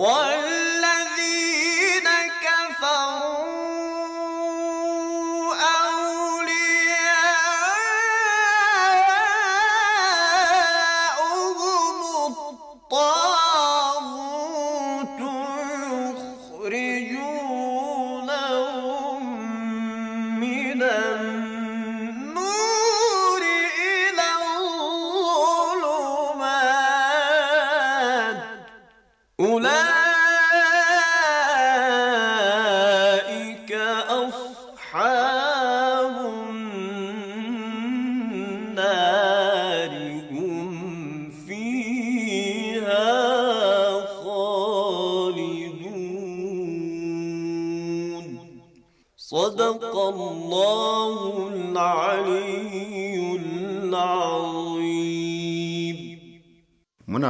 What?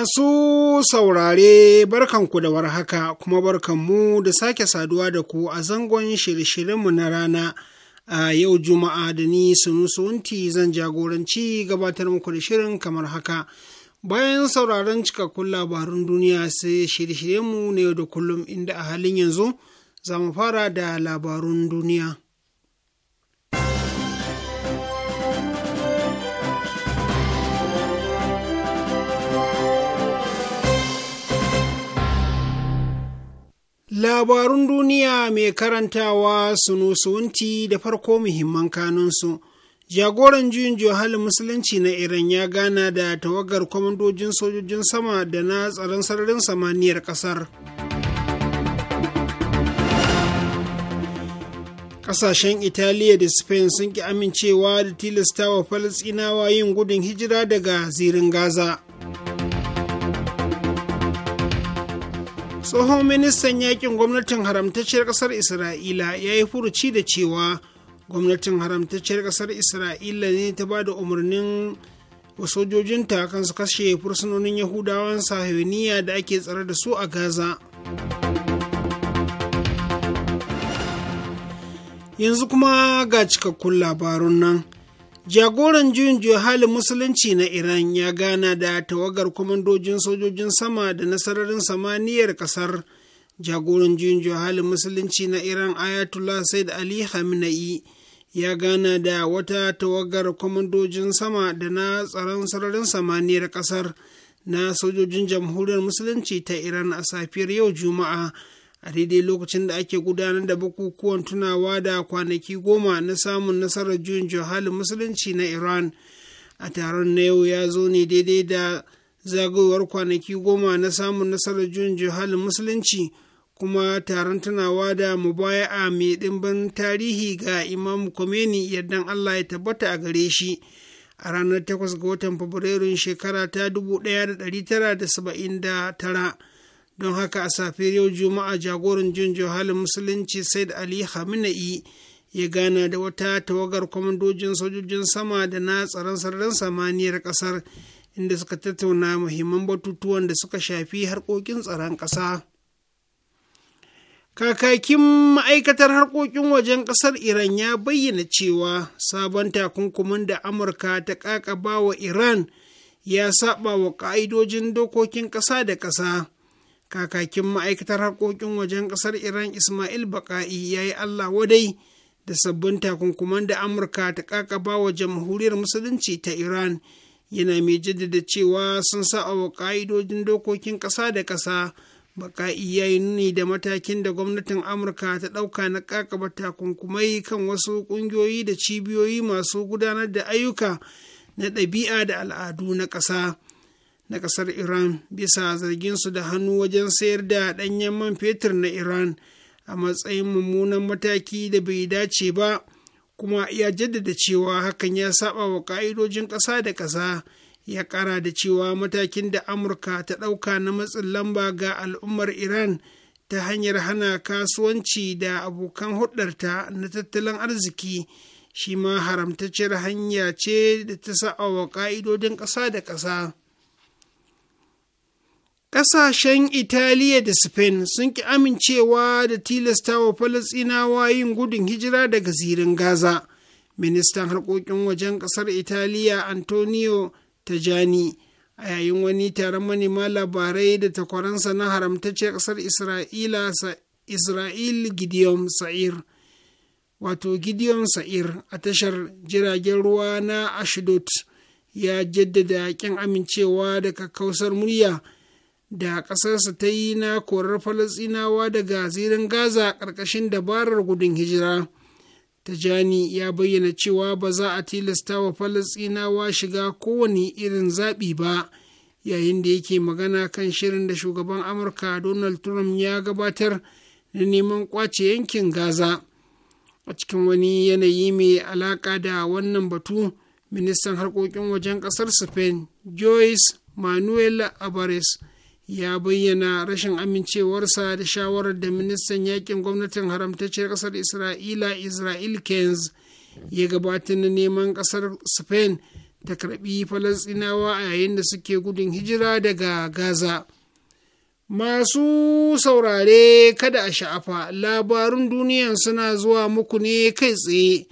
Masu saurare barkanku da warhaka kuma barkanmu da sake saduwa da ku a zangon shirye-shiryenmu na rana a yau Juma'a da ni sunusunti zan jagoranci gabatar muku da shirin kamar haka. Bayan sauraron cikakkun labarun duniya sai shirye-shiryenmu na yau da kullum inda a halin yanzu za mu fara da labarun duniya. Labarun duniya mai karantawa sunusunti da farko muhimman kanunsu. Jagoran juyin juhal musulunci na Iran ya gana da tawagar kwamandojin sojojin sama da na tsaron sararin samaniyar ƙasar. Ƙasashen Italiya da Spain sun ki amincewa da tilastawa Falasɗinawa yin gudun hijira daga zirin Gaza. tsohon ministan yakin gwamnatin haramtacciyar kasar isra'ila ya yi furuci da cewa gwamnatin haramtacciyar kasar isra'ila ne ta ba da umarnin wa sojojinta kan su kashe fursunonin yahudawan sahiyoniya da ake tsare da su a gaza yanzu kuma ga cikakkun labarun nan Jagoran juyin juya halin musulunci na Iran ya gana da tawagar kwamandojin sojojin sama da nasararin samaniyar kasar. Jagoran juyin juya halin musulunci na Iran Ayatollah Said Ali Khamenei ya gana da wata tawagar kwamandojin sama da na tsaron sararin samaniyar kasar na sojojin jamhuriyar musulunci ta Iran a safiyar yau Juma'a. a daidai lokacin da ake gudanar da bukukuwan tunawa da kwanaki goma na samun nasarar juyin johalin musulunci na iran a taron na yau ya zo ne daidai da zagayowar kwanaki goma na samun nasarar juyin johalin musulunci kuma taron tunawa da mubaya'a mai ɗimbin tarihi ga imam Khomeini yardan allah ya tabbata a gare shi a ranar 8 ga watan fabrairun shekara ta 1979 don haka a safiyar yau juma'a jagoran junjo halin musulunci said ali hamina'i ya gana da wata tawagar kwamandojin sojojin sama da na tsaron sararin samaniyar kasar inda suka tattauna muhimman batutuwan da suka shafi harkokin tsaron kasa. Kakakin ma'aikatar harkokin wajen kasar Iran ya bayyana cewa sabon takunkumin da Amurka ta ƙaƙabawa wa Iran ya saɓa wa ƙa'idojin dokokin ƙasa da ƙasa. kakakin ma'aikatar harkokin wajen ƙasar iran ismail baka'i ya yi allah wadai da sabbin takunkuman da amurka ta kakaba wa jamhuriyar musulunci ta iran yana mai jaddada cewa sun sa wa ƙa'idodin dokokin ƙasa da ƙasa baka'i ya yi nuni da matakin da gwamnatin amurka ta ɗauka na kakaba takunkumai kan wasu ƙungiyoyi da cibiyoyi masu gudanar da ayyuka na ɗabi'a da al'adu na ƙasa. na ƙasar iran bisa zarginsu da hannu wajen sayar da ɗanyen man fetur na iran a matsayin mummunan mataki da bai dace ba kuma ya jaddada cewa hakan ya saba wa ƙa'idojin ƙasa da ƙasa ya ƙara da cewa matakin da amurka ta ɗauka na matsin lamba ga al'ummar iran ta hanyar hana kasuwanci da abokan hudarta na tattalin arziki shi ma haramtacciyar hanya ce da ta sa'awa wa ƙa'idodin ƙasa da ƙasa Ƙasashen Italiya da Spain sun ki amincewa da tilasta tilastawa Falasɗinawa yin gudun hijira daga zirin Gaza. Ministan harkokin wajen ƙasar Italiya Antonio Tajani a yayin wani taron manema labarai da takwaransa na haramtacce ƙasar Isra'ila Isra'il Gideon Sa'ir. Wato Gideon Sa'ir a tashar jiragen ruwa na Ashdod ya jaddada ƙin amincewa da kakkausar murya. da ƙasarsa ta yi na korar falasinawa daga zirin gaza ƙarƙashin dabarar gudun hijira tajani ya bayyana cewa ba za a tilasta wa falasinawa shiga kowane irin zaɓi ba yayin da yake magana kan shirin da shugaban amurka donald trump ya gabatar na neman ƙwace yankin gaza a cikin wani yanayi mai alaƙa da wannan batu ministan harkokin wajen ƙasar spain joyce manuel abares ya bayyana rashin amincewarsa da shawarar da ministan yakin gwamnatin haramtacciyar kasar isra'ila israel kenz ya gabata na neman kasar spain ta karɓi falastinawa a yayin da suke gudun hijira daga gaza masu saurare kada a sha'afa labarun duniyan suna zuwa muku ne kai tsaye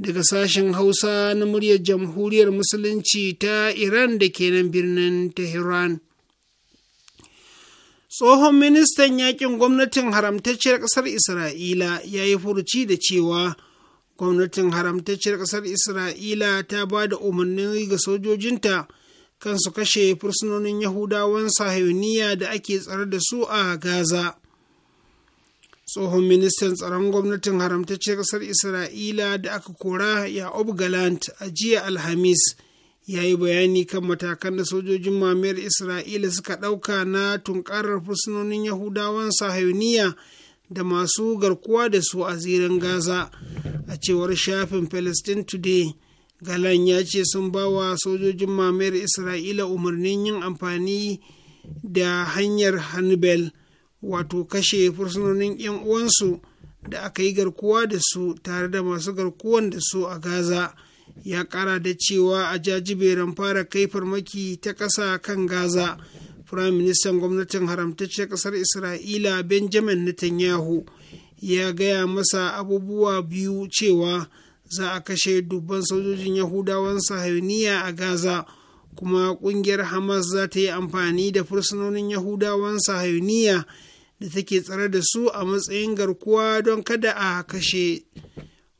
daga sashen hausa na muryar jamhuriyar musulunci ta iran da ke nan birnin tehran tsohon ministan yakin gwamnatin haramtacciyar ƙasar isra'ila ya yi furuci da cewa gwamnatin haramtacciyar ƙasar isra'ila ta ba da umarni ga sojojinta kan su kashe fursunonin yahudawan sahiyoniya da ake tsare da su a gaza tsohon ministan tsaron gwamnatin haramtacciyar ƙasar isra'ila da aka kora ya galant a jiya alhamis ya yi bayani kan matakan da sojojin mamayar isra'ila suka ɗauka na tunƙarar fursunonin yahudawan sahayuniya da masu garkuwa da su a zirin gaza a cewar shafin palestine today galan ya ce sun ba wa sojojin mamayar isra'ila umarnin yin amfani da hanyar hannibal wato kashe fursunonin 'yan uwansu da aka yi garkuwa da su tare da masu garkuwan da su a gaza. ya kara da cewa a jajiberin fara kai farmaki ta ƙasa kan gaza firayim ministan gwamnatin haramtacciyar ƙasar isra'ila benjamin netanyahu ya gaya masa abubuwa biyu cewa za a kashe dubban sojojin yahudawan sahayuniya a gaza kuma ƙungiyar hamas za ta yi amfani da fursunonin yahudawan sahayuniya da take tsare da su a matsayin garkuwa don kada a kashe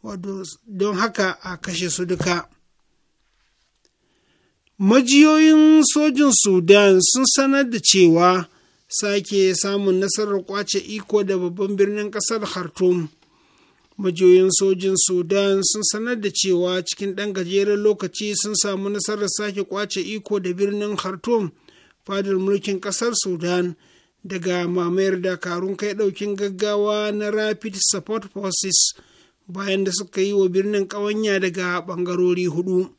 wato don haka a kashe su duka majiyoyin sojin sudan sun sanar da cewa sake samun nasarar kwace iko da babban birnin kasar khartoum majiyoyin sojin sudan sun sanar da cewa cikin ɗan gajeren lokaci sun samu nasarar sake kwace iko da birnin khartoum fadar mulkin kasar sudan daga mamayar dakarun kai ɗaukin gaggawa na rapid support forces bayan da suka yi wa birnin ƙawanya daga ɓangarori hudu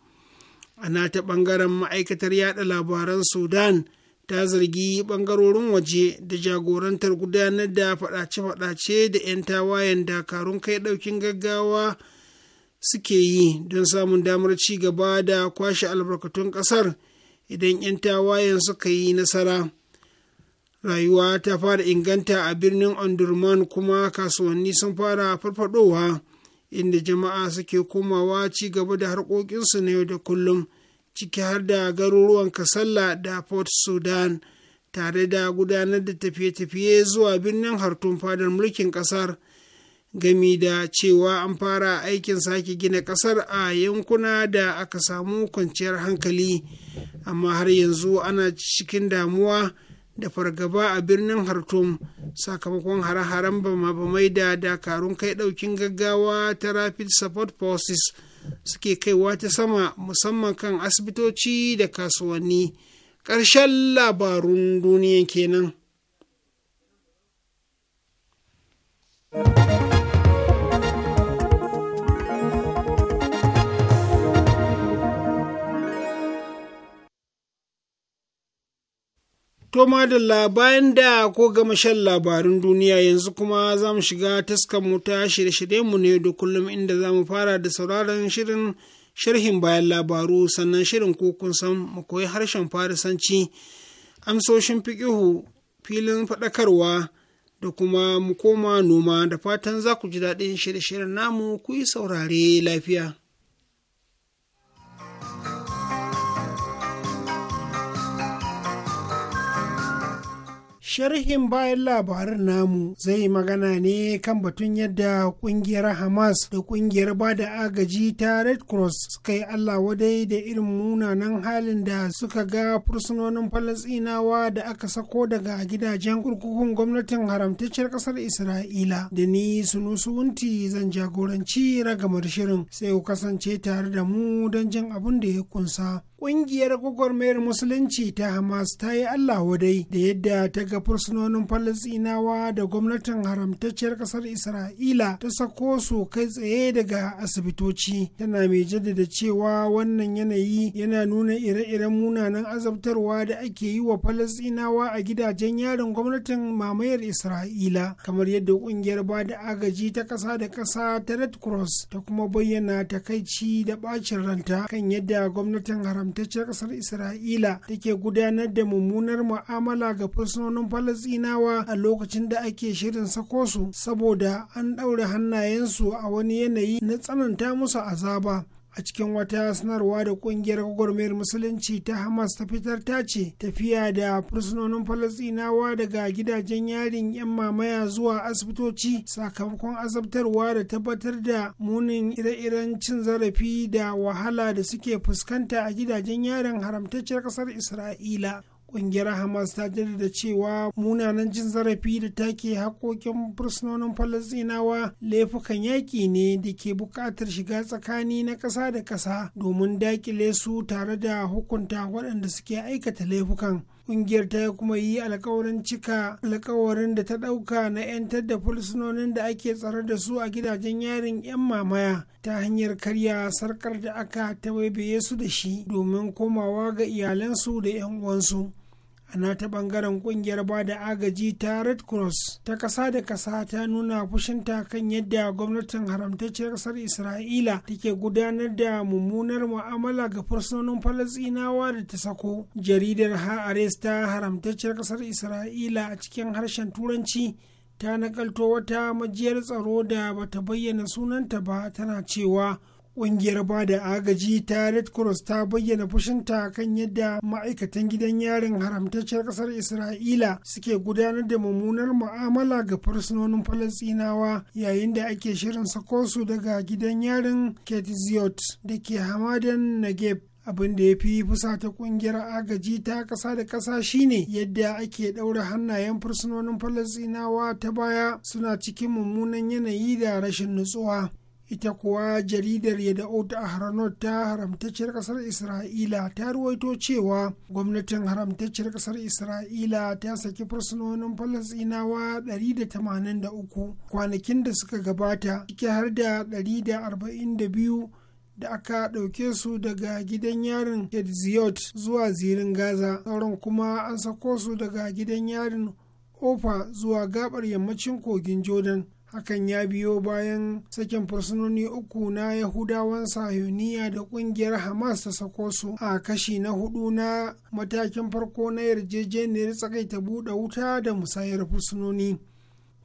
a nata ɓangaren ma'aikatar yada labaran sudan ta zargi ɓangarorin waje da jagorantar gudanar da faɗace-faɗace da 'yan tawayen dakarun kai ɗaukin gaggawa suke yi don samun damar ci gaba da kwashe albarkatun ƙasar idan 'yan tawayen suka yi nasara rayuwa ta fara inganta a birnin ondurman kuma kasuwanni sun fara farfadowa inda jama'a suke komawa ci gaba da harkokinsu na yau da kullum ciki har da garuruwan kasalla da port sudan tare da gudanar da tafiye-tafiye zuwa birnin hartun fadar mulkin kasar gami da cewa an fara aikin sake gina kasar a yankuna da aka samu kwanciyar hankali amma har yanzu ana cikin damuwa da fargaba a birnin hartum sakamakon hare-haren bama-bamai da dakarun kai ɗaukin gaggawa ta Rapid Support Forces suke kaiwa ta sama musamman kan asibitoci da kasuwanni. Ƙarshen labarun duniya kenan. To madalla bayan da ko gama shan labarin duniya yanzu kuma za mu shiga taskan mu ta shirye-shiryenmu ne da kullum inda za mu fara da sauraron shirin sharhin bayan labaru sannan shirin ko kun san mu koyi harshen farisanci amsoshin fiƙihu filin faɗakarwa da kuma mu koma noma da fatan za ku ji daɗin shirye-shiryen namu ku yi saurare lafiya. Sharhin bayan labarin namu zai magana ne kan batun yadda kungiyar Hamas da kungiyar bada agaji ta Red Cross suka yi Allah wadai da irin munanan halin da suka ga fursunonin Falasinawa da aka sako daga gidajen kurkukun gwamnatin haramtacciyar ƙasar Isra'ila. Da ni Sunusu Wunti zan jagoranci ragamar shirin sai ku kasance tare da mu don jin abin da ya kunsa. Ƙungiyar gwagwarmayar Musulunci ta Hamas ta yi Allah wadai da yadda ta ga. fursunonin falasinawa da gwamnatin haramtacciyar kasar isra'ila ta sako su kai tsaye daga asibitoci tana mai jaddada cewa wannan yanayi yana nuna ire-iren munanan azabtarwa da ake yi wa falasinawa a gidajen yarin gwamnatin mamayar isra'ila kamar yadda kungiyar ba da agaji ta kasa da kasa ta red cross ta kuma bayyana takaici da bacin ranta kan yadda gwamnatin haramtacciyar kasar isra'ila take gudanar da mummunar mu'amala ga fursunonin falasinawa a lokacin da ake shirin sako su saboda an ɗaure hannayensu a wani yanayi na tsananta musu azaba a cikin wata sanarwa da kungiyar gwagwarmayar musulunci ta hamas ta fitar ta ce tafiya da fursunonin falasinawa daga gidajen yarin yan mamaya zuwa asibitoci sakamakon azabtarwa da tabbatar da munin ire-iren cin zarafi da wahala da suke fuskanta a gidajen yarin haramtacciyar kasar isra'ila kungiyar hamas ta jaddada cewa munanan jin zarafi da take hakokin fursunonin falasinawa laifukan yaƙi ne da ke buƙatar shiga tsakani na ƙasa da ƙasa domin daƙile su tare da hukunta waɗanda suke aikata laifukan Ƙungiyar ta kuma yi alkawarin cika alkawarin da ta ɗauka na 'yantar da fursunonin da ake tsare da su a gidajen yarin 'yan mamaya ta hanyar karya sarkar da aka ta su da shi domin komawa ga iyalansu da 'yan uwansu. a nata bangaren kungiyar ba da agaji ta red cross ta kasa da kasa ta nuna fushinta kan yadda gwamnatin haramtacciyar kasar isra'ila take gudanar da mummunar mu'amala ga fursunonin falasinawa da ta sako jaridar ha'ares ta haramtacciyar kasar isra'ila a cikin harshen turanci ta nakalto wata majiyar tsaro da bata bayyana sunanta ba tana cewa Ƙungiyar ba da agaji ta Red Cross ta bayyana fushinta kan yadda ma'aikatan gidan yarin haramtacciyar ƙasar Isra'ila suke gudanar da mummunar mu'amala ga fursunonin Falasɗinawa yayin da ake shirin sako su daga gidan yarin Ketziot da ke hamadan Negev. abin da ya fi fusata ƙungiyar agaji ta ƙasa da ƙasa shine yadda ake ɗaura hannayen fursunonin falasinawa ta baya suna cikin mummunan yanayi da rashin nutsuwa ita kuwa jaridar Yadda a ahranot ta haramtacciyar kasar isra'ila ta ruwaito cewa gwamnatin haramtacciyar kasar isra'ila ta saki fursunonin falasinawa 183 kwanakin da suka gabata ciki har da 142 da aka ɗauke su daga gidan yarin Hedziot zuwa zirin Gaza, sauran kuma an sako su daga gidan yarin Ofa zuwa gabar yammacin kogin Jordan. hakan ya biyo bayan sakin fursunoni uku na yahudawan sahuniya da kungiyar hamas ta sako su a kashi na hudu na matakin farko na yarjejeniyar tsakaita buɗe wuta da musayar fursunoni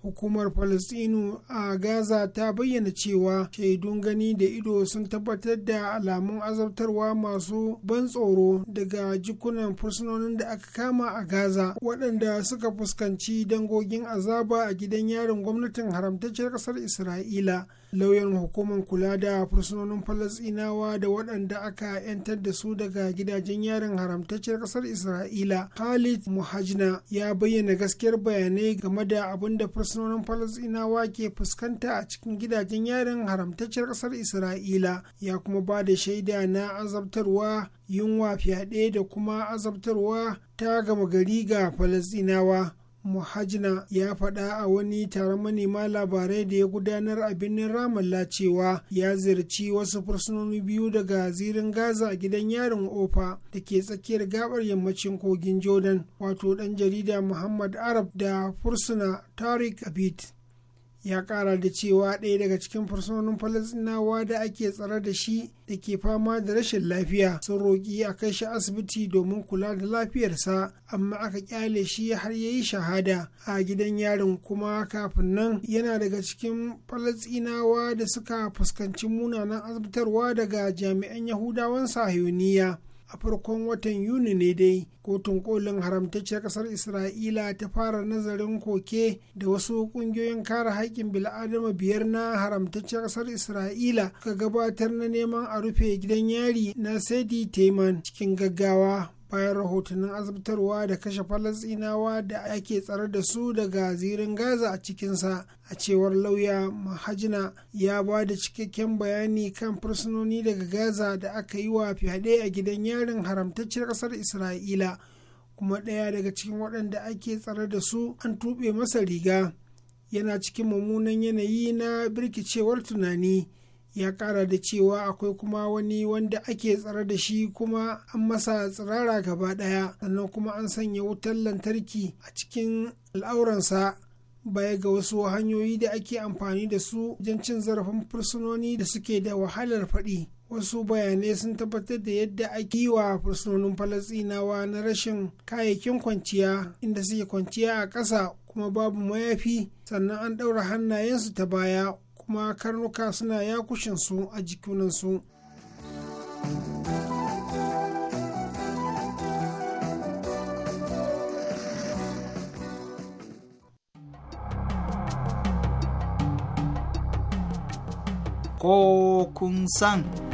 hukumar palestino a gaza ta bayyana cewa shaidun gani da ido sun tabbatar da alamun azabtarwa masu ban tsoro daga jikunan fursunonin da aka kama a gaza waɗanda suka fuskanci dangogin azaba a gidan yarin gwamnatin haramtacciyar ƙasar isra'ila lauyan hukumar kula da fursunonin falasinawa da waɗanda aka 'yantar da su daga gidajen yarin haramtacciyar ƙasar isra'ila khalid muhajna ya bayyana gaskiyar bayanai game da abin da fursunonin falasinawa ke fuskanta a cikin gidajen yarin haramtacciyar ƙasar isra'ila ya kuma ba da shaida na azabtarwa yunwa fyaɗe da kuma azabtarwa ta gama gari ga falasinawa muhajna ya faɗa a wani taron manema labarai da ya gudanar a birnin ramallah cewa ya ziyarci wasu fursunoni biyu daga zirin gaza a gidan yarin ofa da ke tsakiyar gabar yammacin kogin jordan wato ɗan jarida muhammad arab da fursuna tariq abid ya kara da cewa ɗaya daga cikin fursunonin falasinawa da ake tsare da shi da ke fama da rashin lafiya sun roƙi a kai shi asibiti domin kula da lafiyarsa amma aka ƙyale shi har ya yi shahada a gidan yarin kuma kafin nan yana daga cikin falasinawa da suka fuskanci munanan azabtarwa daga jami'an yahudawan sahiyoniya a farkon watan yuni ne dai kotun kolin haramtacciyar kasar isra'ila ta fara nazarin koke da wasu kungiyoyin kare haƙƙin bil'adama biyar na haramtacciyar kasar isra'ila ka gabatar na neman a rufe gidan yari na sadi teman cikin gaggawa bayan rahotannin azabtarwa da kashe falasinawa da ake tsare da su daga zirin gaza a cikinsa a cewar lauya mahajina ya ba da cikakken bayani kan fursunoni daga gaza da aka yi wa fyaɗe a gidan yarin haramtacciyar ƙasar isra'ila kuma ɗaya daga cikin waɗanda ake tsare da su an tuɓe masa riga yana cikin mummunan yanayi na birkicewar tunani ya kara da cewa akwai kuma wani wanda ake tsare da shi kuma an masa tsirara gaba ɗaya sannan kuma an sanya wutar lantarki a cikin al'auransa baya ga wasu hanyoyi da ake amfani da su wajen cin zarafin fursunoni da suke da wahalar faɗi wasu bayanai sun tabbatar da yadda ake yi wa fursunonin falasinawa na rashin kayayyakin kwanciya inda suke kwanciya a ƙasa kuma babu mayafi sannan an ɗaura hannayensu ta baya kuma karnuka suna su a jikunansu ko kun san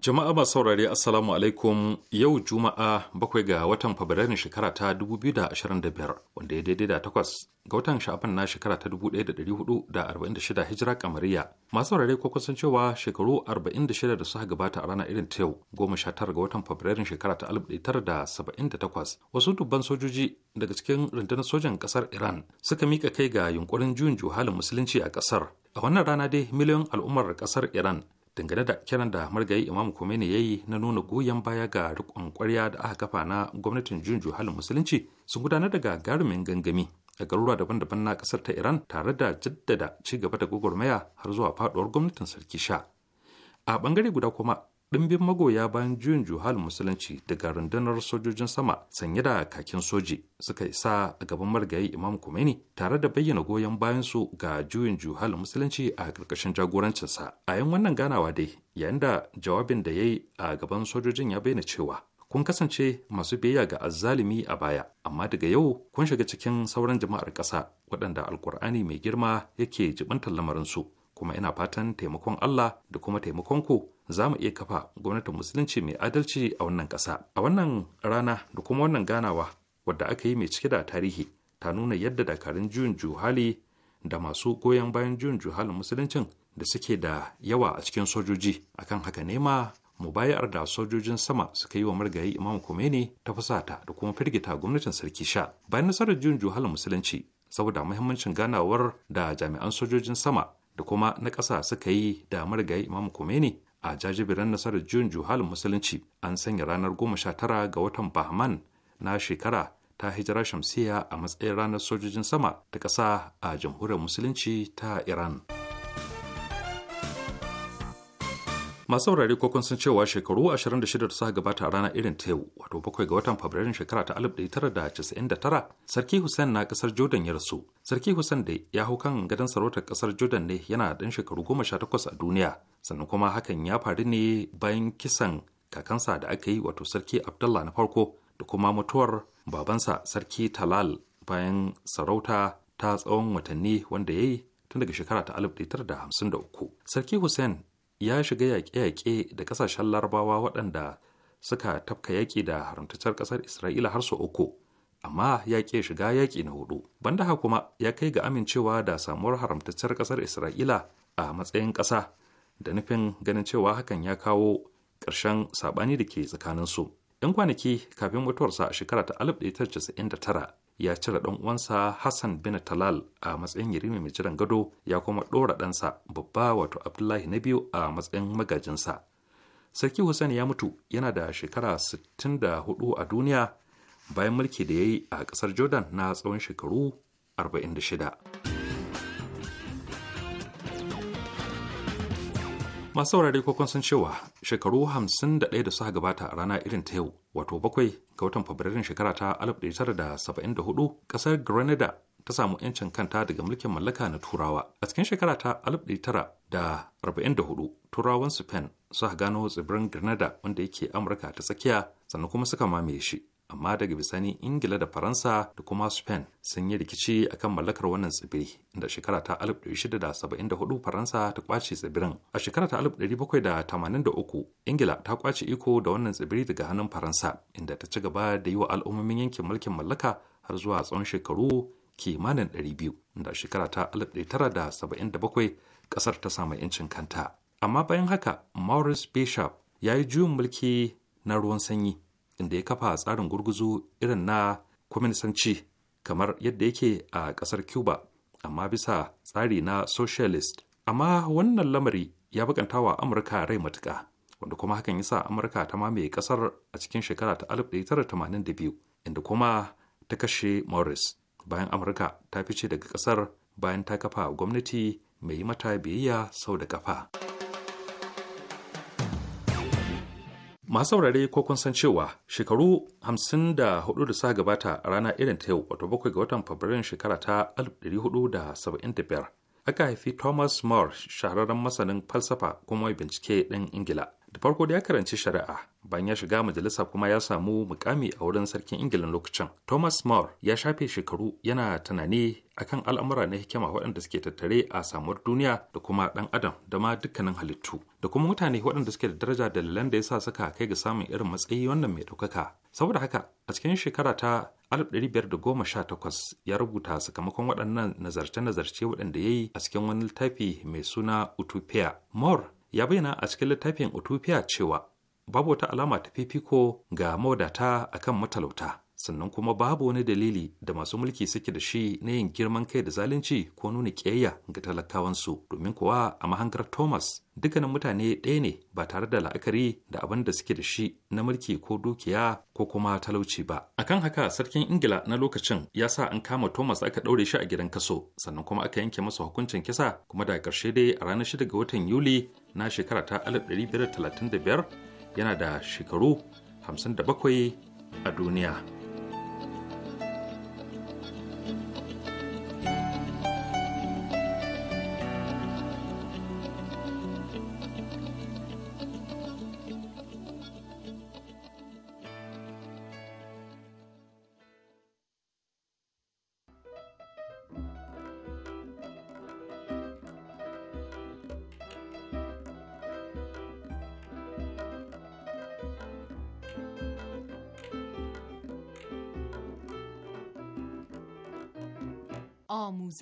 Jama'a ba saurare Assalamu alaikum yau Juma'a bakwai ga watan Fabrairun shekara ta 2025 wanda ya daidai da takwas ga watan sha'afan na shekara ta 1446 hijira kamariya. Masu saurare ko kusan cewa shekaru 46 da suka gabata a ranar irin ta yau goma sha tara ga watan Fabrairun shekara ta 1978 wasu dubban sojoji daga cikin rundunar sojan ƙasar Iran suka mika kai ga yunkurin juyin juhalin musulunci a ƙasar A wannan rana dai miliyon al'ummar ƙasar Iran dangane da kiran da margayi imam Khomeini ya yi na nuna goyon baya ga rikon kwarya da aka kafa na gwamnatin jin halin musulunci sun gudanar da gagarumin gangami a garuruwa daban-daban na kasar ta iran tare da jaddada ci gaba da gwagwarmaya har zuwa faduwar gwamnatin sarki sha a bangare guda kuma ɗimbin magoya bayan juyin juhal musulunci daga rundunar sojojin sama sanye da kakin soji suka isa a gaban marigayi imam kumeni tare da bayyana goyon bayan su ga juyin juhal musulunci a ƙarƙashin jagorancinsa a yan wannan ganawa dai yayin da jawabin da ya yi a gaban sojojin ya bayyana cewa kun kasance masu biyayya ga azzalimi a baya amma daga yau kun shiga cikin sauran jama'ar ƙasa waɗanda alkur'ani mai girma yake jibantar lamarinsu kuma ina fatan taimakon Allah da kuma taimakon ku za mu iya kafa gwamnatin musulunci mai adalci a wannan ƙasa a wannan rana da kuma wannan ganawa wadda aka yi mai cike da tarihi ta nuna yadda dakarun juyin juhali da masu goyon bayan juyin juhalin musuluncin da suke da yawa a cikin sojoji akan haka nema bayar da sojojin sama suka yi wa marigayi imam Khomeini ta fusata da kuma firgita gwamnatin sarki sha bayan nasarar juyin juhalin musulunci saboda muhimmancin ganawar da jami'an sojojin sama da kuma na ƙasa suka yi da marigayi imam Khomeini a jajibirin nasarar juyin juhalin musulunci an sanya ranar goma sha tara ga watan bahman na shekara ta hijira shamsiya a matsayin ranar sojojin sama ta ƙasa a jamhuriyar musulunci ta iran. masu saurare ko kun san cewa shekaru 26 da suka gabata a ranar irin ta yau wato bakwai ga watan fabrairun shekara ta 1999 sarki hussein na kasar jordan ya rasu sarki hussein da ya hau kan gadon sarautar kasar jordan ne yana dan shekaru 18 a duniya sannan kuma hakan ya faru ne bayan kisan kakansa da aka yi wato sarki abdullah na farko da kuma mutuwar babansa sarki talal bayan sarauta ta tsawon watanni wanda ya yi tun daga shekara ta 1953 sarki hussein ya shiga yaƙe-yaƙe da ƙasashen larabawa waɗanda suka tafka yaƙi da haramtaccen ƙasar isra'ila har su uku amma ya ƙi shiga yaƙi na hudu banda haka kuma ya kai ga amincewa da samuwar haramtaccen ƙasar isra'ila a matsayin ƙasa da nufin ganin cewa hakan ya kawo ƙarshen saɓani da ke tsakaninsu 'yan kwanaki kafin mutuwarsa a shekara ta tara. ya cire ɗan uwansa Hassan bin Talal a matsayin yarima mai jiran gado ya kuma ɗora ɗansa babba wato Abdullahi na biyu a matsayin magajinsa. Sarki Hussein ya mutu yana da shekara 64 a duniya bayan mulki da ya yi a ƙasar Jordan na tsawon shekaru 46. masu saurare ko sun cewa shekaru 51 da suka gabata a rana irin ta yau wato bakwai ga watan fabrairun shekara ta 1974 kasar grenada ta samu 'yancin kanta daga mulkin mallaka na turawa a cikin shekara ta 1944 turawan spain suka gano tsibirin grenada wanda yake amurka ta tsakiya sannan kuma suka mamaye shi amma daga bisani ingila da faransa da kuma spain sun yi rikici akan mallakar wannan tsibiri inda shekara ta 1674 faransa ta kwace tsibirin a shekara ta 1783 ingila ta kwace iko da wannan tsibiri daga hannun faransa inda ta ci gaba da yi wa al'ummomin yankin mulkin mallaka har zuwa tsawon shekaru kimanin 200 inda shekara ta 1977 kasar ta samu 'yancin kanta amma bayan haka maurice bishop ya yi juyin mulki na ruwan sanyi inda ya kafa tsarin gurguzu irin na kwaminisanci kamar yadda yake a ƙasar cuba amma bisa tsari na socialist amma wannan lamari ya bukanta wa amurka rai matuka wanda kuma hakan yasa amurka ta mamaye ƙasar a cikin shekara ta 1982 inda kuma ta kashe morris bayan amurka ta fice daga ƙasar bayan ta kafa gwamnati mai mata biyayya sau da kafa. Masu saurare ko kun san cewa shekaru 54 da suka gabata a rana irin ta yau wato bakwai ga watan Fabrairun shekara ta 1475 aka haifi Thomas More shahararren masanin falsafa kuma mai bincike ɗan Ingila. da farko da ya karanci shari'a bayan ya shiga majalisa kuma ya samu mukami a wurin sarkin ingila lokacin thomas more ya shafe shekaru yana tunani akan al'amura na hikima waɗanda suke tattare a samuwar duniya da kuma ɗan adam da ma dukkanin halittu da kuma mutane waɗanda suke da daraja dalilan da ya sa suka kai ga samun irin matsayi wannan mai ɗaukaka saboda haka a cikin shekara ta 1518 ya rubuta sakamakon waɗannan nazarce-nazarce waɗanda ya yi a cikin wani littafi mai suna utopia more ya bayyana a cikin littafin utopia cewa babu wata alama ta fifiko ga mawadata akan matalauta sannan kuma babu wani dalili da masu mulki suke da shi na yin girman kai da zalunci ko nuna ƙiyayya ga talakawansu domin kuwa a mahangar thomas dukkanin mutane ɗaya ne ba tare da la'akari da abin da suke da shi na mulki ko dukiya ko kuma talauci ba akan haka sarkin ingila na lokacin ya sa an kama thomas aka ɗaure shi a gidan kaso sannan kuma aka yanke masa hukuncin kisa kuma da ƙarshe dai a ranar 6 ga watan yuli na shekara ta 1535 yana da shekaru 57 a duniya.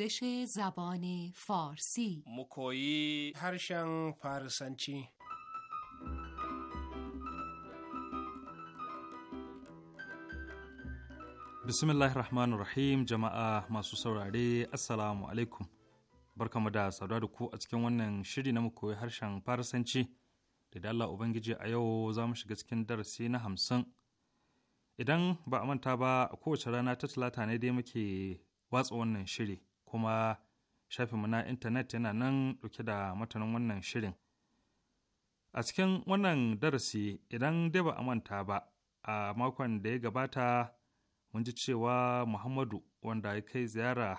آموزش زبان فارسی مکویی هرشن فارسنچی بسم الله الرحمن masu saurare assalamu alaikum barkamu da saduwa da ku a cikin wannan shiri na koyi harshen farisanci da dalla ubangiji a yau za mu shiga cikin darasi na hamsin idan ba a manta ba a kowace rana ta talata ne dai muke watsa wannan shiri kuma shafinmu na intanet yana nan ɗauke da matanin wannan shirin. A cikin wannan darasi idan dai ba a manta ba a makon da ya gabata mun ji cewa Muhammadu wanda ya kai ziyara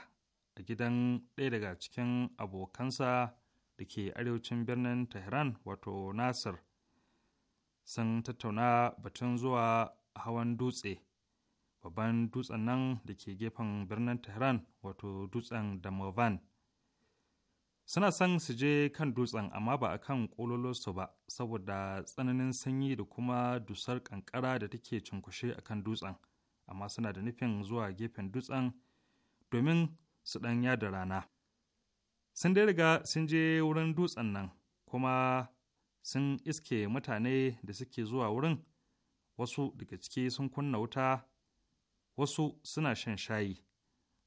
a gidan ɗaya daga cikin abokansa da ke arewacin birnin Tehran wato Nasir sun tattauna batun zuwa hawan dutse babban dutsen nan da ke gefen birnin tehran wato dutsen damovan suna son su je kan dutsen amma ba a kan ƙololonsu ba saboda tsananin sanyi da kuma dusar ƙanƙara da take cunkwashe a kan dutsen amma suna da nufin zuwa gefen dutsen domin su ɗan yada rana sun dai riga sun je wurin dutsen nan kuma sun iske mutane da suke zuwa wurin wasu daga ciki sun kunna wuta wasu suna shan shayi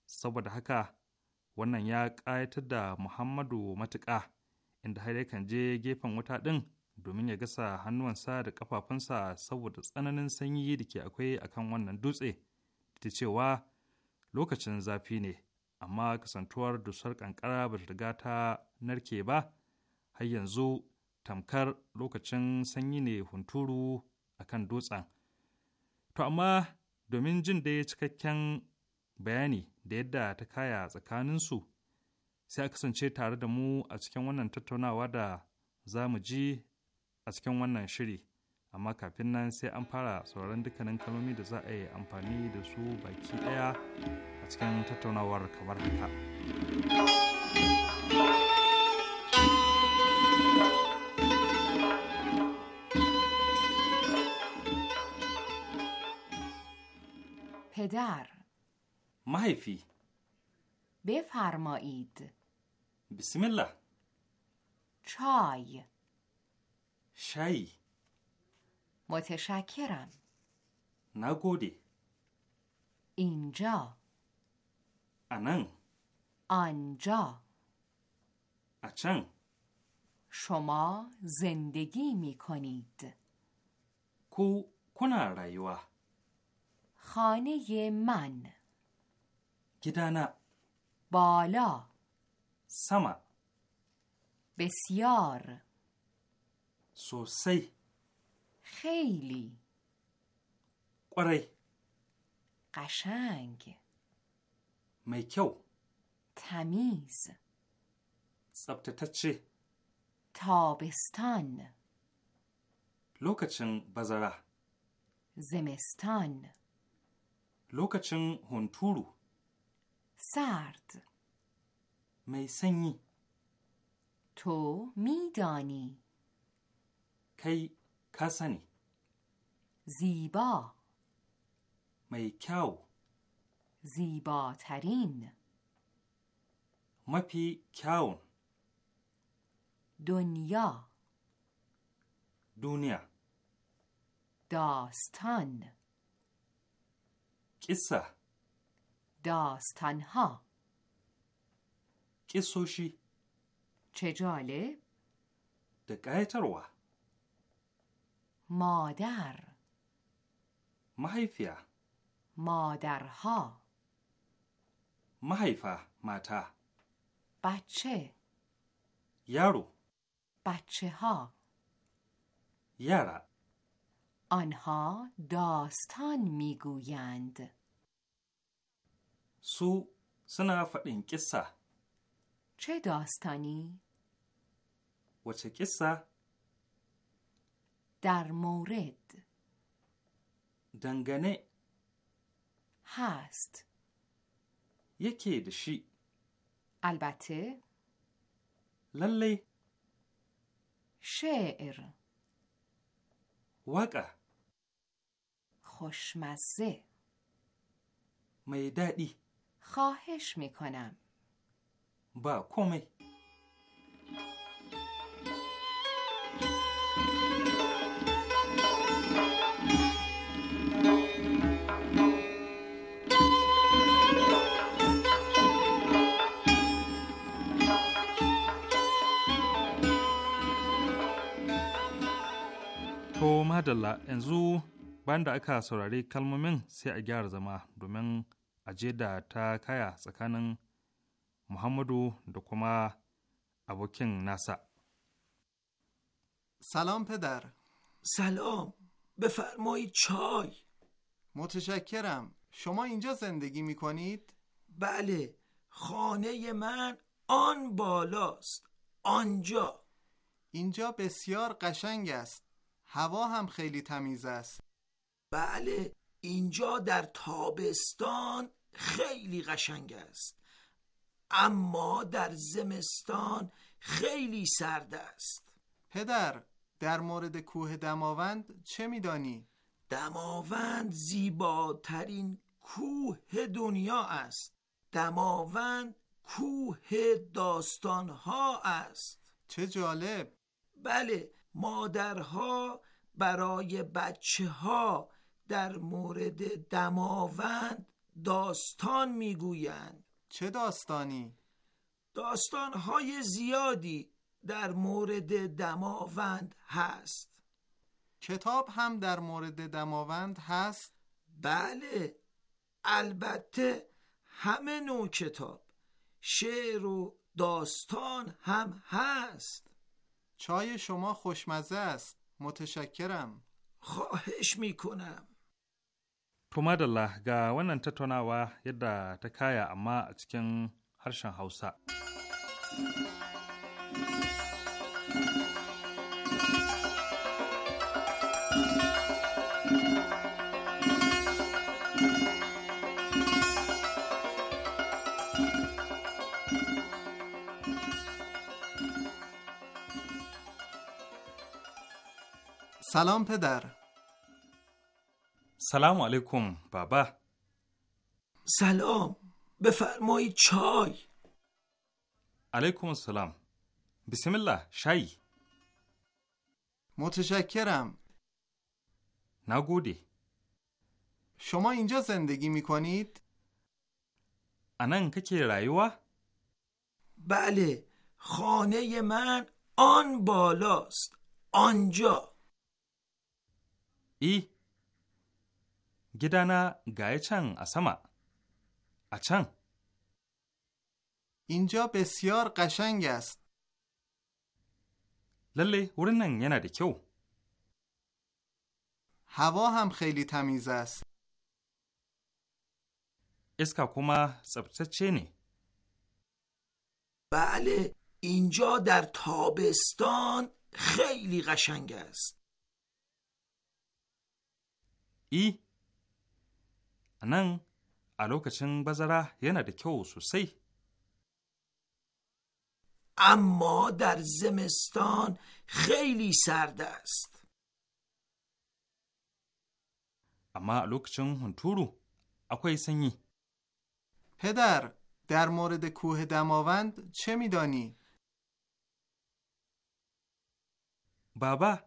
saboda haka wannan ya ƙayatar da muhammadu matuƙa inda har kan je gefen wuta ɗin domin ya gasa hannuwansa da ƙafafunsa saboda tsananin sanyi da ke akwai akan wannan dutse ta cewa lokacin zafi ne amma kasantuwar dusar ƙanƙara ba ta riga ta narke ba har yanzu tamkar lokacin sanyi ne hunturu akan dutsen to amma domin jin da cikakken bayani da yadda ta kaya tsakaninsu sai a kasance tare da mu a cikin wannan tattaunawa da za mu ji a cikin wannan shiri amma kafin nan sai an fara sauran dukkanin kalmomi da za a yi amfani da su baki ɗaya a cikin tattaunawar kamar haka. پدر محفی بفرمایید بسم الله چای شای متشکرم نگودی اینجا انن آنجا اچنگ شما زندگی می کنید کو کنا رایوه خانه من گدانا بالا سما بسیار سوسی خیلی قری قشنگ میکو تمیز تچی تابستان لوکچن بزره زمستان lokacin hunturu Sart. mai sanyi to ne. kai ka sani ziba mai kyau ziba tarin mafi kyawun Dunya. duniya Da da کسه داستانها کسوشی چه جالب روه مادر محیفیه مادرها محیفه ماتا بچه یارو بچه ها یارا آنها داستان میگویند سو سنا فدین قصه چه داستانی و چه قصه در مورد دنگنه هست یکی دشی البته للی شعر واقع خوشمزه می خواهش میکنم با کمی تو and Zoo. bayan da aka saurari kalmomin sai a gyara zama domin aje da ta kaya tsakanin muhammadu da kuma abokin سلام پدر سلام بفرمایید چای متشکرم شما اینجا زندگی می کنید؟ بله خانه من آن بالاست آنجا اینجا بسیار قشنگ است هوا هم خیلی تمیز است بله اینجا در تابستان خیلی قشنگ است اما در زمستان خیلی سرد است پدر در مورد کوه دماوند چه میدانی؟ دماوند زیباترین کوه دنیا است دماوند کوه داستان ها است چه جالب بله مادرها برای بچه ها در مورد دماوند داستان میگویند چه داستانی؟ داستانهای زیادی در مورد دماوند هست کتاب هم در مورد دماوند هست؟ بله البته همه نوع کتاب شعر و داستان هم هست چای شما خوشمزه است متشکرم خواهش میکنم To madalla ga wannan tattaunawa yadda ta kaya amma a cikin harshen Hausa. سلام پدر سلام علیکم بابا سلام بفرمایید چای علیکم السلام بسم الله شای متشکرم نگودی شما اینجا زندگی میکنید؟ کنید؟ انان که رایوا؟ بله خانه من آن بالاست آنجا ای گیدانا گای چن اسما اینجا بسیار قشنگ است للی ورنن ینا که کیو هوا هم خیلی تمیز است اسکا کما سبتچه نی بله اینجا در تابستان خیلی قشنگ است ای a nan a lokacin bazara yana da kyau sosai اما در زمستان خیلی سرد است اما لوکچن هنتورو اکوی سنی پدر در مورد کوه دماوند چه میدانی؟ بابا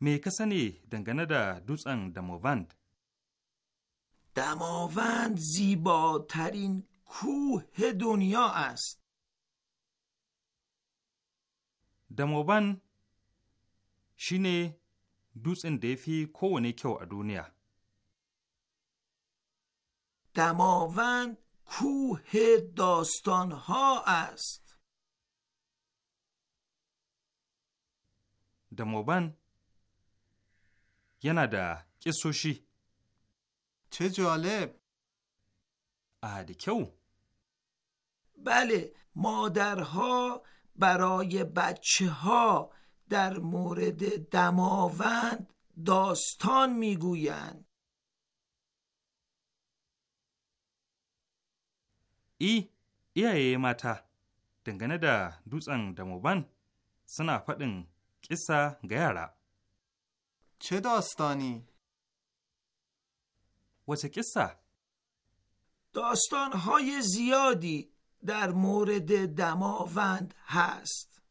می کسانی دنگنه دا دوزن دماوند دماوند زیباترین کوه دنیا است دماوند شینه دوست اندفی کوونه کو دنیا دماوند کوه داستان است دماوند یه نده که چه جالب اهدکو بله مادرها برای بچه ها در مورد دماوند داستان میگویند ای iyaye mata در da dutsen damoban سنا faɗin ƙisa ga چه داستانی؟ واسه قصه داستانهای زیادی در مورد دماوند هست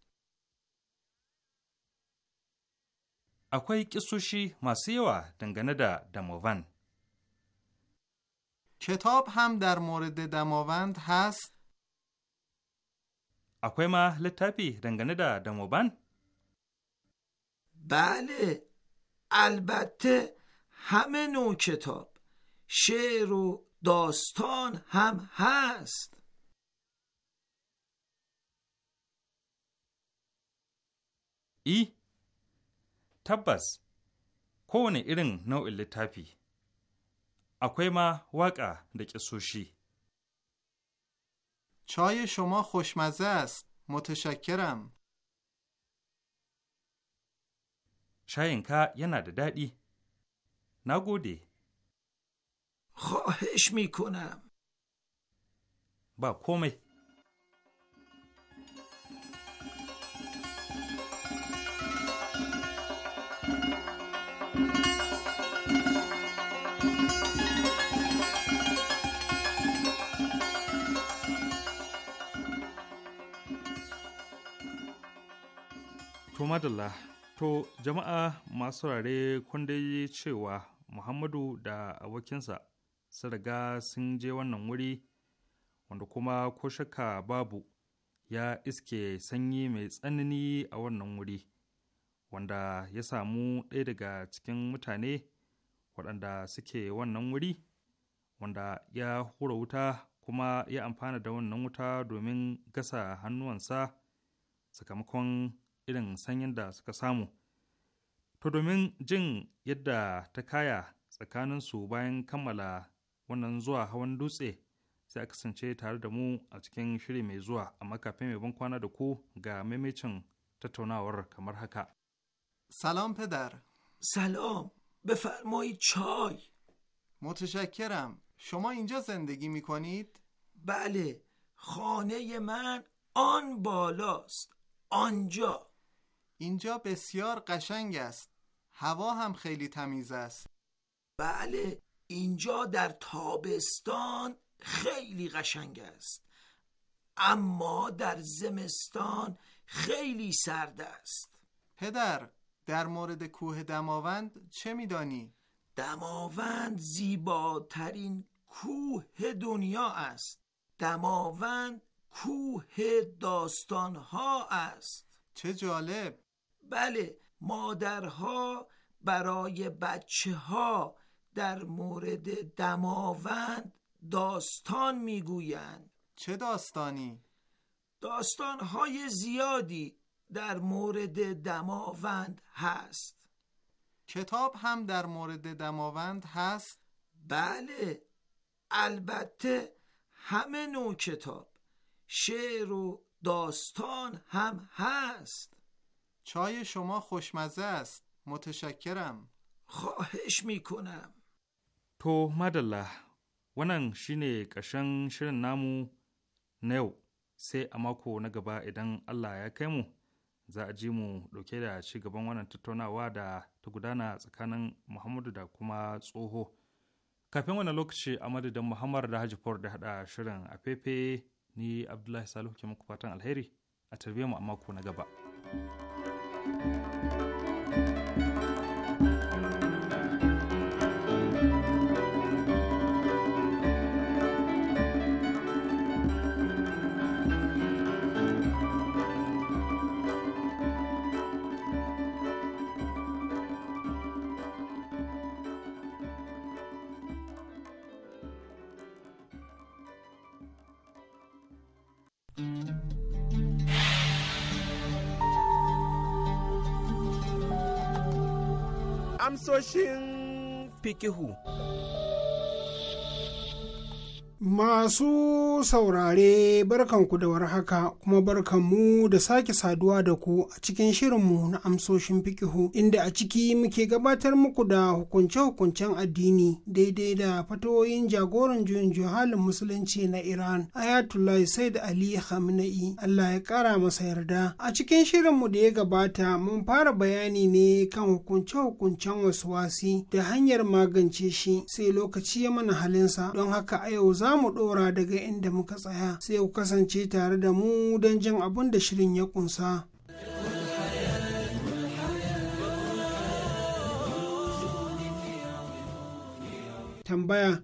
اکوی کسوشی مسیوه دنگنه دا دماوند کتاب هم در مورد دماوند هست اکوی ما لطفی دنگنه دا دماوند بله البته همه نوع کتاب شعر و داستان هم هست ای تبس کونه ایرن نو لتافی اکوی ما واقع دک سوشی چای شما خوشمزه است متشکرم شاینکا یه نده دادی نگودی خواهش میکنم با کمک To madalla, to jama'a masu rare kun cewa Muhammadu da abokinsa sun riga sun je wannan wuri wanda kuma ko shakka babu ya iske sanyi mai tsanani a wannan wuri wanda ya samu ɗaya daga cikin mutane waɗanda suke wannan wuri wanda ya hura wuta kuma ya amfana da wannan wuta domin gasa hannuwansa sakamakon irin sanyin da suka samu to domin jin yadda ta kaya tsakaninsu bayan kammala wannan zuwa hawan dutse sai a kasance tare da mu a cikin shiri mai zuwa a kafin mai ban kwana da ku ga maimacin tattaunawar kamar haka. Salam پدر Salam, بفرمایید chai. متشکرم شما اینجا زندگی می کنید؟ بله خانه من آن بالاست آنجا اینجا بسیار قشنگ است هوا هم خیلی تمیز است بله اینجا در تابستان خیلی قشنگ است اما در زمستان خیلی سرد است پدر در مورد کوه دماوند چه میدانی؟ دماوند زیباترین کوه دنیا است دماوند کوه داستان ها است چه جالب بله مادرها برای بچه ها در مورد دماوند داستان میگویند چه داستانی؟ داستانهای زیادی در مورد دماوند هست کتاب هم در مورد دماوند هست؟ بله البته همه نوع کتاب شعر و داستان هم هست چای شما خوشمزه است متشکرم خواهش میکنم To madalla wannan shine ƙashen shirin namu na yau sai a mako na gaba idan Allah ya kai mu za a ji mu ɗauke da ci gaban wannan tattaunawa da ta gudana tsakanin Muhammadu da kuma tsoho. Kafin wani lokaci a madadin Muhammadu da Hajji da haɗa shirin a fefe ni Abdullahi Salihu ke muku fatan alheri a tarbiyyar mu a mako na gaba. thank you amsoshin fikihu. Masu saurare barkanku da warhaka kuma barkanmu da sake saduwa da ku a cikin shirinmu na amsoshin fikihu inda a ciki muke gabatar muku da hukunce-hukuncen addini daidai da fatoyin jagoran juyin juhalin musulunci na Iran Ayatollah Said Ali Khamenei Allah ya kara masa yarda. A cikin shirinmu da ya gabata mun fara bayani ne kan hukunce-hukuncen wasu wasi da hanyar magance shi sai lokaci ya mana halinsa don haka a yau za mu ɗora daga inda muka tsaya sai ku kasance tare da mu don jin abin da shirin ya kunsa. Tambaya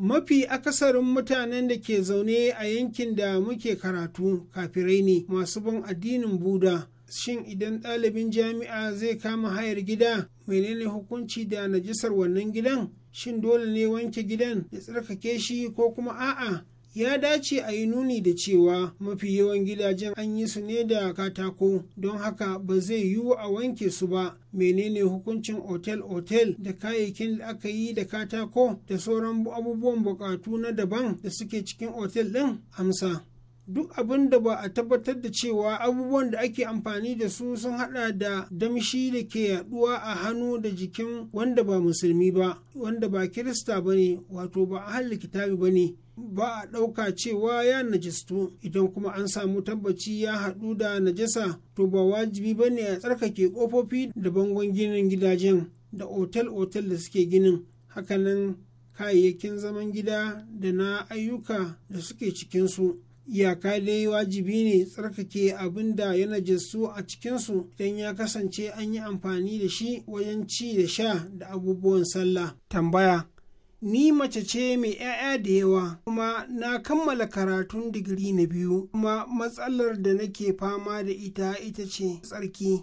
Mafi akasarin mutanen da ke zaune a yankin da muke karatu kafirai ne masu bin addinin Buda. Shin idan ɗalibin jami'a zai kama hayar gida menene hukunci da najisar wannan gidan? shin dole ne wanke gidan da tsarkake shi ko kuma a'a ya dace a yi nuni da cewa mafi yawan gidajen an yi su ne da katako don haka ba zai yiwu a wanke su ba menene hukuncin otel-otel da kayayyakin da aka yi da katako da sauran abubuwan bukatu na daban da suke cikin otel ɗin amsa duk abin da ba a tabbatar da cewa abubuwan da ake amfani da su sun hada da damshi da ke yaduwa a hannu da jikin wanda ba musulmi ba wanda ba kirista ba ne wato ba a hali kitabi ba ne ba a ɗauka cewa ya najistu idan kuma an samu tabbaci ya haɗu da najasa to ba wajibi ba ne a tsarkake ƙofofi da bangon ginin gidajen da otel-otel da suke ginin hakanan kayayyakin zaman gida da na ayyuka da suke cikinsu iyaka dai wajibi ne tsarkake abin da ya su a cikinsu idan ya kasance an yi amfani da shi wajen ci da sha da abubuwan sallah tambaya ni mace ce mai 'ya'ya da yawa kuma na kammala karatun digiri na biyu kuma matsalar da nake fama da ita ita ce tsarki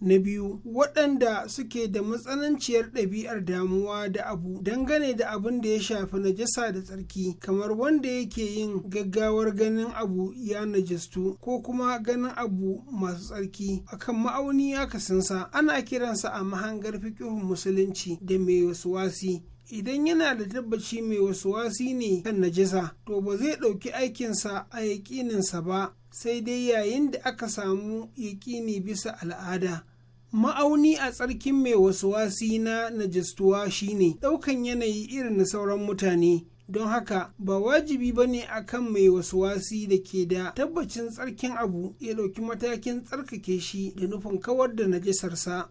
Na biyu, waɗanda suke da matsananciyar ɗabi'ar damuwa da abu dangane da abin da ya shafi najasa da tsarki, kamar wanda yake yin gaggawar ganin abu ya najastu ko kuma ganin abu masu tsarki akan ma'auni akasinsa ana kiransa a mahangar fikihun musulunci da mai wasu wasi. idan yana da tabbaci mai wasuwasi ne kan najasa to ba zai ɗauki aikinsa a yaƙininsa ba sai dai yayin da aka samu yaƙini bisa al'ada ma'auni a tsarkin mai wasu wasi na najistuwa shine ɗaukan yanayi irin na sauran mutane don haka ba wajibi ba ne a kan mai wasuwasi da ke da tabbacin tsarkin abu ya ɗauki matakin tsarkake shi da nufin kawar da najisarsa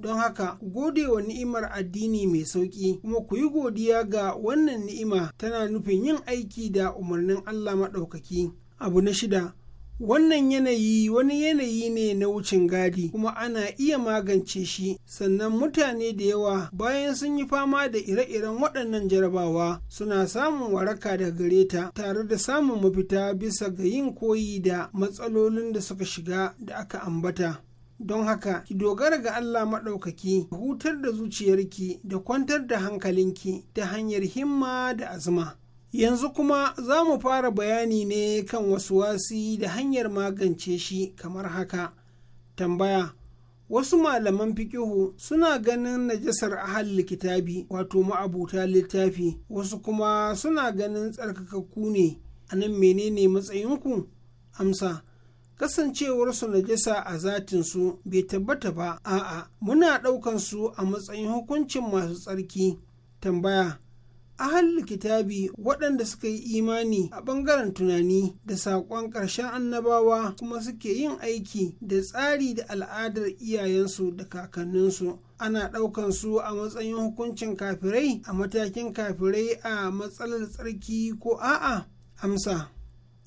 don haka ku gode wa ni'imar addini mai sauƙi kuma ku yi godiya ga wannan ni'ima tana nufin yin aiki da umarnin Allah maɗaukaki abu na shida wannan yanayi wani yanayi ne na wucin gadi kuma ana iya magance shi sannan mutane da yawa bayan sun yi fama da ire-iren waɗannan jarabawa suna samun waraka da gare ta tare da samun mafita bisa ga yin koyi da matsalolin da suka shiga da aka ambata don haka ki dogara ga Allah maɗaukaki hutar da zuciyarki da kwantar da hankalinki ta hanyar himma da azuma yanzu kuma za mu fara bayani ne kan wasu wasi da hanyar magance shi kamar haka tambaya wasu malaman fikihu suna ganin najasar ahal kitabi wato ma'abuta littafi wasu kuma suna ganin tsarkakakku ne anan nan menene matsayinku amsa kasancewarsu jisa a zatinsu bai tabbata ba a'a muna ɗaukan su a matsayin hukuncin masu tsarki tambaya a halin kitabi waɗanda suka yi imani a ɓangaren tunani da saƙon ƙarshen annabawa kuma suke yin aiki da tsari da al'adar iyayensu da kakanninsu ana ɗaukan su a matsayin hukuncin kafirai a matakin kafirai a matsalar tsarki ko a'a amsa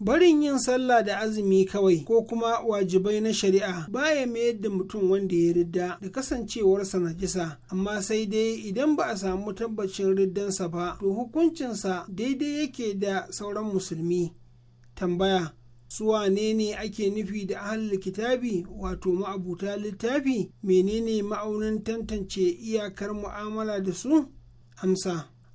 barin yin sallah da azumi kawai ko kuma wajibai na shari'a baya mayar da mutum wanda ya ridda da kasancewarsa na najisa amma sai dai idan ba a samu tabbacin riddansa ba to hukuncinsa daidai yake da sauran musulmi tambaya su wane ne ake nufi da ahlul kitabi wato ma'abuta littafi menene ma'aunin tantance iyakar mu'amala da su amsa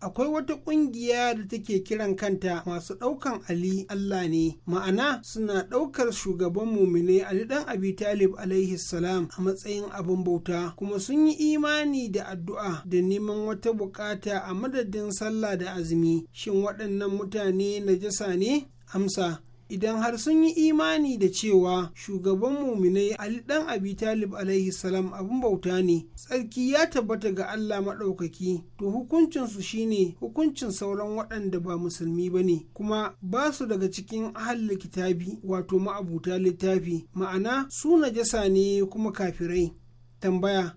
akwai wata ƙungiya da take kiran kanta masu ɗaukan Ali Allah ne ma'ana suna ɗaukar shugaban mumine Ali dan Abi Talib alaihi salam a matsayin abin bauta kuma sun yi imani da addu'a da neman wata bukata a madadin sallah da azumi shin waɗannan mutane najasa ne amsa idan har sun yi imani da cewa shugaban muminai Ali dan Abi Talib alaihi salam abin bauta ne tsarki ya tabbata ga Allah maɗaukaki to hukuncinsu su shine hukuncin sauran waɗanda ba musulmi ba ne kuma ba su daga cikin ahal kitabi wato ma'abuta littafi ma'ana su najasa ne kuma kafirai tambaya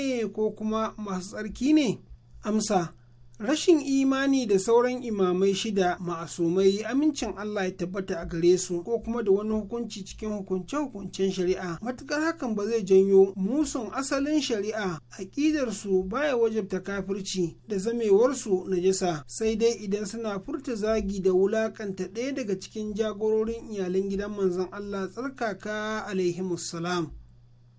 eh ko kuma masu tsarki ne amsa rashin imani da sauran imamai shida ma'asumai amincin Allah ya tabbata a gare su ko kuma da wani hukunci cikin hukunce-hukuncen shari'a matukar hakan ba zai janyo musun asalin shari'a ƙidarsu su baya wajabta kafirci da zamewarsu na jisa. sai dai idan suna furta zagi da wulakanta ɗaya daga cikin jagororin iyalan gidan manzon Allah tsarkaka salam.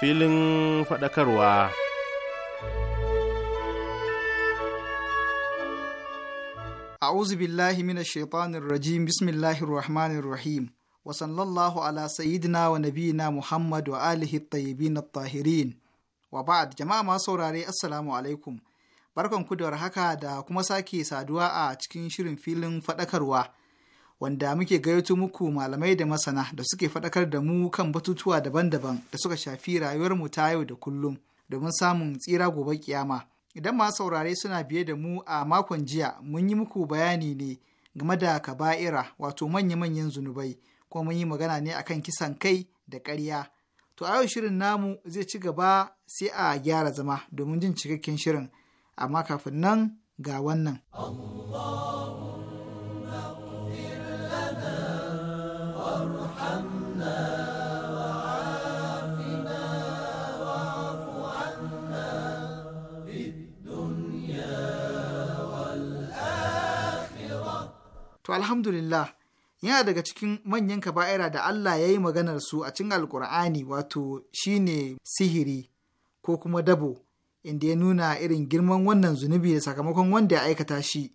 filin faɗakarwa. A'udhu billahi mina shaitanir rajim bismillahir rahmanir rahim wa sallallahu ala sayyidina wa nabiyina Muhammad wa alihi tayyibin tahirin wa ba'ad jama'a masu saurare assalamu alaikum barkan ku da haka da kuma sake saduwa a cikin shirin filin faɗakarwa wanda muke gayyato muku malamai da masana da suke faɗakar da mu kan batutuwa daban-daban da suka shafi rayuwar mu ta yau da kullum domin samun tsira gobe kiyama. Idan ma saurare suna biye da mu a makon jiya mun yi muku bayani ne game da kaba'ira wato manya-manyan zunubai kuma mun yi magana ne akan kisan kai da ƙarya. To a yau shirin namu zai ci gaba sai a gyara zama domin jin cikakken shirin amma kafin nan ga wannan. Allah. To alhamdulillah yana daga cikin manyan kaba'ira da Allah ya yi maganar su a cikin alkur'ani wato shine sihiri ko kuma dabo inda ya nuna irin girman wannan zunubi da sakamakon wanda ya aikata shi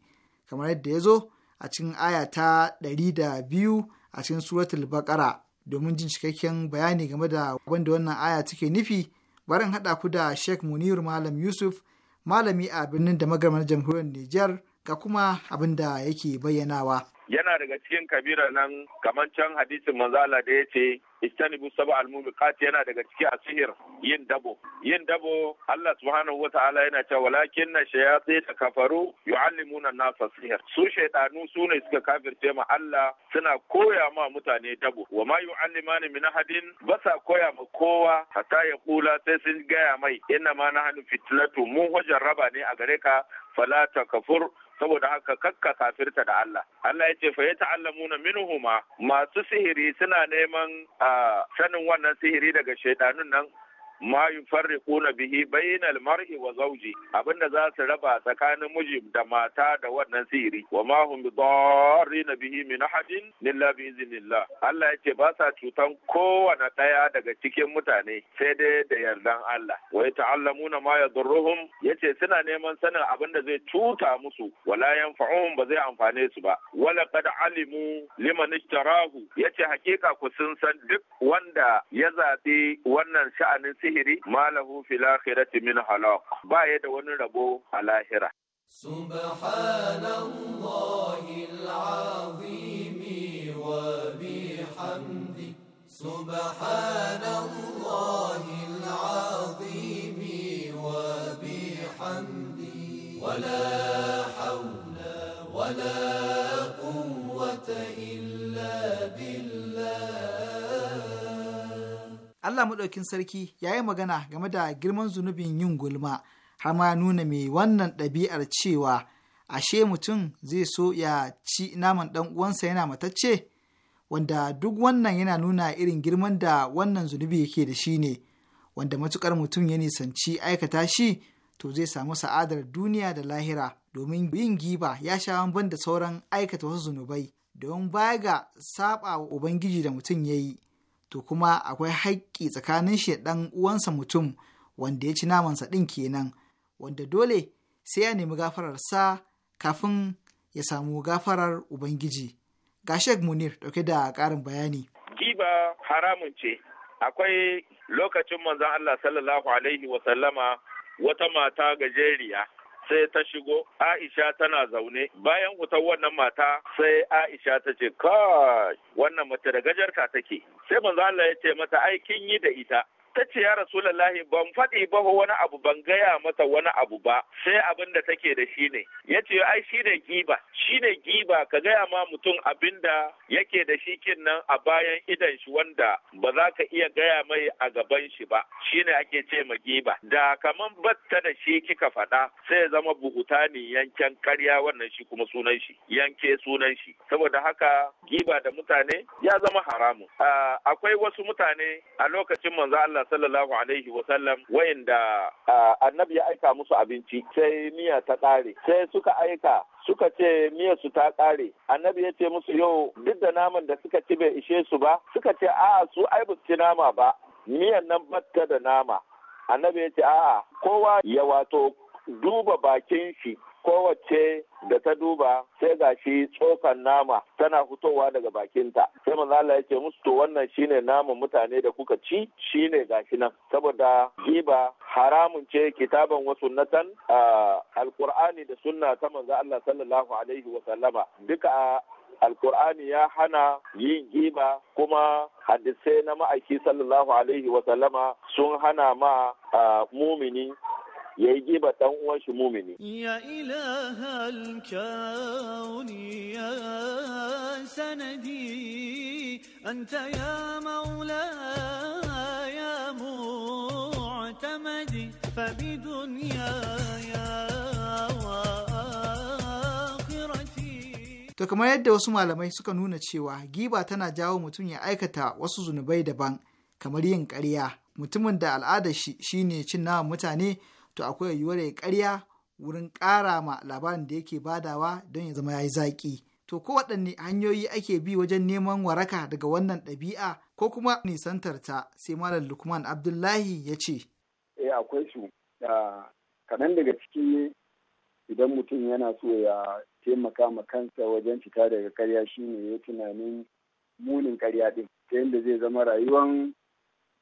kamar yadda ya zo a cikin aya ta da biyu a cikin suratul bakara domin jin cikakken bayani game da wanda wannan aya take nufi barin haɗa ku da sheikh munir malam yusuf malami a birnin da magarmar jamhuriyar niger ga kuma abin da yake bayyanawa. yana daga cikin kabira nan kamar can hadisin manzala da ya ce istanibu saba almubiqat yana daga ciki a sihir yin dabo yin dabo Allah subhanahu wataala yana cewa walakin na shayatin da kafaru yu'allimuna nasa sihir su shaydanu su ne suka kafirce ma Allah suna koya ma mutane dabo wa ma yu'allimani min ahadin ba sa koya ma kowa hatta ya kula sai sun gaya mai inna ma nahnu fitnatu mu wajen raba ne a gare ka fala takfur saboda haka kakka kafirta da Allah Allah ya ce fa yata'allamuna minhuma masu sihiri suna neman ah, sanin wannan sihiri daga shaidanun nan ma yufarriquna bihi bainal mar'i wa zawji abinda za su raba tsakanin miji da mata da wannan sihiri wa ma hum bidarrina bihi min ahadin illa bi iznillah Allah yace ba sa cutan kowane daya daga cikin mutane sai dai da yardan Allah wa ta'allamuna ma yadurruhum yace suna neman sanin abinda zai cuta musu wala yanfa'uhum ba zai amfane su ba wala qad alimu liman ishtarahu yace hakika ku sun san duk wanda ya zaɓi wannan sha'anin sihiri malahu fil akhirati min halaq ba ya da wani rabo a lahira subhanallahi alazim wa bihamdi subhanallahi alazim wa bihamdi wala hawla wala quwwata illa billah Allah maɗaukin sarki ya yi magana game da girman zunubin yin gulma har ma nuna mai wannan ɗabi'ar cewa ashe mutum zai so ya ci naman ɗan uwansa yana matacce wanda duk wannan yana nuna irin girman da wannan zunubi yake da shi ne wanda matukar mutum ya nisanci aikata shi to zai samu sa'adar duniya da lahira domin yin giba ya sha ban da sauran aikata wasu zunubai don baya ga saɓa wa ubangiji da mutum ya yi to kuma akwai haƙƙi tsakanin shi ɗan uwansa mutum wanda ya ci namansa ɗin kenan wanda dole sai ya nemi gafararsa kafin ya samu gafarar ubangiji ga shek munir ɗauke da ƙarin bayani giba haramun ce akwai lokacin manzon allah sallallahu alaihi wata mata gajeriya sai ta shigo Aisha tana zaune bayan wutar wannan mata sai Aisha ta ce kai wannan mace da gajarta take sai manzo Allah ya ce mata ai kin yi da ita ta ce ya rasulallahi ban faɗi ba wani abu ban gaya mata wani abu ba sai abin da take da shi ne ya ce ai shi ne giba shi ne giba ka gaya ma mutum abin da yake da shi kin nan a bayan idan shi wanda ba za ka iya gaya mai a gaban shi ba shi ne ake ce ma giba da kaman batta da shi kika faɗa sai ya zama buhuta ne yanken karya wannan shi kuma sunan shi yanke sunan shi saboda haka giba da mutane ya zama haramun ah, akwai wasu mutane a lokacin manzo Allah sallallahu alaihi wa sallam wayanda annabi ya aika musu abinci sai miya ta ƙare sai suka aika suka ce miya su ta ƙare annabi ya ce musu yau duk da naman da suka ci bai ishe su ba suka ce a'a su ai ba ci nama ba miyan nan batta da nama annabi ya ce a'a kowa ya wato duba bakin shi kowace da ta duba sai ga shi tsokan nama tana fitowa daga bakinta sai manzo Allah yake musu to wannan shine naman mutane da kuka ci shine gashi nan saboda giba haramun ce kitaban wa a alkur'ani da sunna ta manzo Allah sallallahu alaihi wa sallama duka alkur'ani ya hana yin giba kuma hadisai na ma'aiki sallallahu alaihi wasallama sun hana ma mumini ya yi giba ɗan uwan shi mumini. Ya ilahal kauni ya sanadi anta ya maula ya mu'tamadi fa To kamar yadda wasu malamai suka nuna cewa giba tana jawo mutum ya aikata wasu zunubai daban kamar yin karya mutumin da al'adar shi shine cin naman mutane to akwai yiwuwar ya karya wurin ƙara ma labarin da yake badawa don ya zama ya yi zaƙi. To ko waɗanne hanyoyi ake bi wajen neman waraka daga wannan ɗabi'a ko kuma nisantar ta sai Malam Lukman Abdullahi ya ce. Eh akwai su da kaɗan daga ciki idan mutum yana so ya taimaka ma kansa wajen fita daga karya shine ya tunanin munin karya ɗin ta yadda zai zama rayuwan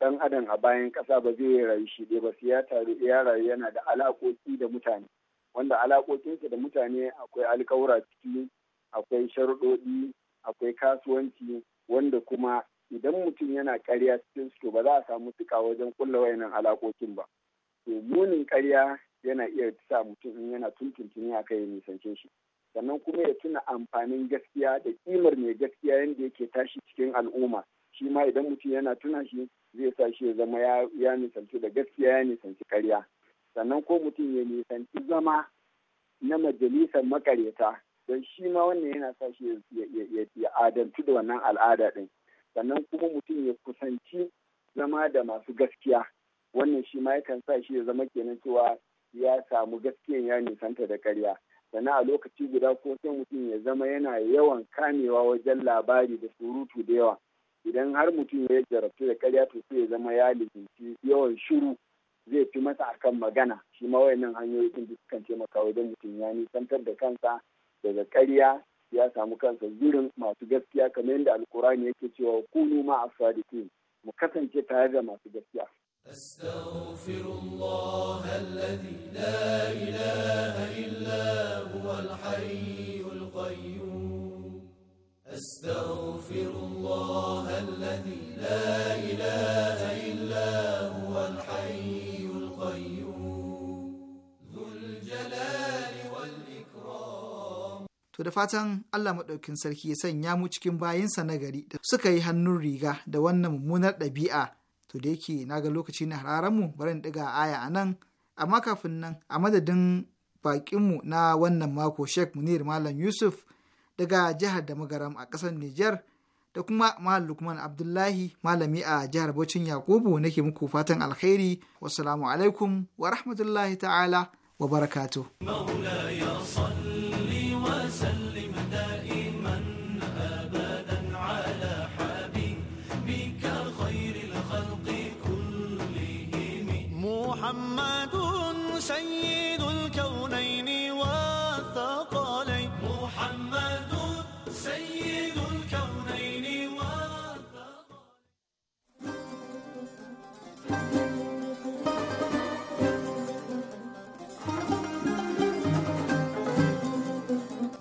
ɗan adam a bayan kasa ba zai rayu shi ba sai ya taru ya rayu yana da alaƙoƙi da mutane wanda alaƙoƙinsa da mutane akwai alƙawura ciki akwai sharuɗoɗi akwai kasuwanci wanda kuma idan mutum yana ƙarya cikin su ba za a samu tuka wajen kulla wayannan alaƙoƙin ba to munin ƙarya yana iya sa mutum in yana tuntuntuni a kai ya nisance shi sannan kuma ya tuna amfanin gaskiya da ƙimar mai gaskiya yadda yake tashi cikin al'umma shi ma idan mutum yana tuna shi zai sa shi ya zama ya nisanci da gaskiya ya nisanci karya sannan ko mutum ya nisanci zama na majalisar makareta don shi ma wannan yana sa shi ya adantu da wannan al'ada ɗin sannan kuma mutum ya kusanci zama da masu gaskiya wannan shi ma yakan sa shi ya zama kenan cewa ya samu gaskiyan ya nisanta da karya sannan a lokaci guda ko sai mutum ya zama yana yawan kamewa wajen labari da surutu da yawa idan har mutum ya jarabtu da karya to sai ya zama ya lizinci yawan shiru zai fi masa akan magana shi ma wayannan hanyoyi sun bi kan taimaka wajen mutum ya nisantar da kansa daga karya ya samu kansa zurin masu gaskiya kamar yadda alkurani yake cewa kunu ma a sadiki mu kasance tare da masu gaskiya استغفر الله الذي لا اله الا هو الحي القيوم أستغفر الله الذي لا إله إلا هو الحي القيوم ذو الجلال والإكرام To da fatan Allah maɗaukin sarki ya sanya mu cikin bayinsa na gari da suka yi hannun riga da wannan mummunar ɗabi'a to da yake na ga lokaci na hararanmu bari barin ɗiga aya a nan amma kafin nan a madadin baƙinmu na wannan mako Sheikh Munir Malam Yusuf daga jihar da magaram a ƙasar Nijar da kuma Malam Lukman Abdullahi malami a jihar Bocin Yakubu nake muku fatan alkhairi wassalamu alaikum wa rahmatullahi ta'ala wa barakatuh.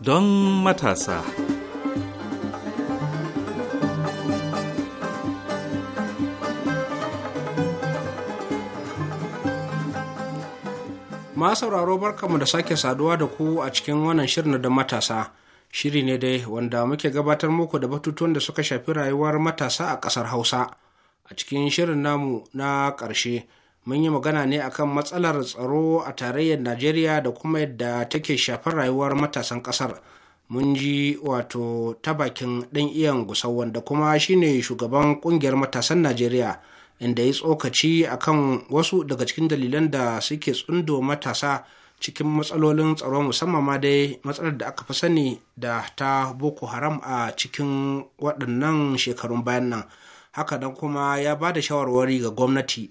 don matasa. Ma sauraro barkamu da sake saduwa da ku a cikin wannan shirin da matasa. Shiri ne dai wanda muke gabatar muku da batutuwan da suka shafi rayuwar matasa a ƙasar Hausa. A cikin shirin namu na ƙarshe. mun yi magana ne akan matsalar tsaro a tarayyar najeriya da kuma yadda take shafar rayuwar matasan kasar mun ji wato ta bakin ɗan iyan gusau wanda kuma shine shugaban kungiyar matasan najeriya inda ya tsokaci akan wasu daga cikin dalilan da suke tsundo matasa cikin matsalolin tsaro musamman ma dai matsalar da aka fi sani da ta boko haram a cikin waɗannan shekarun bayan nan haka nan kuma ya ba da shawarwari ga gwamnati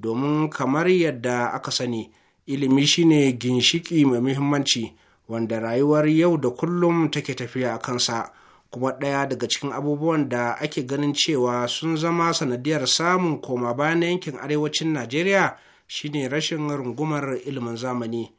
domin kamar yadda aka sani ilimi shine ginshiki mai muhimmanci wanda rayuwar yau da kullum take tafiya a kansa kuma ɗaya daga cikin abubuwan da ake ganin cewa sun zama sanadiyar samun koma bayan yankin arewacin najeriya shine rashin rungumar ilimin zamani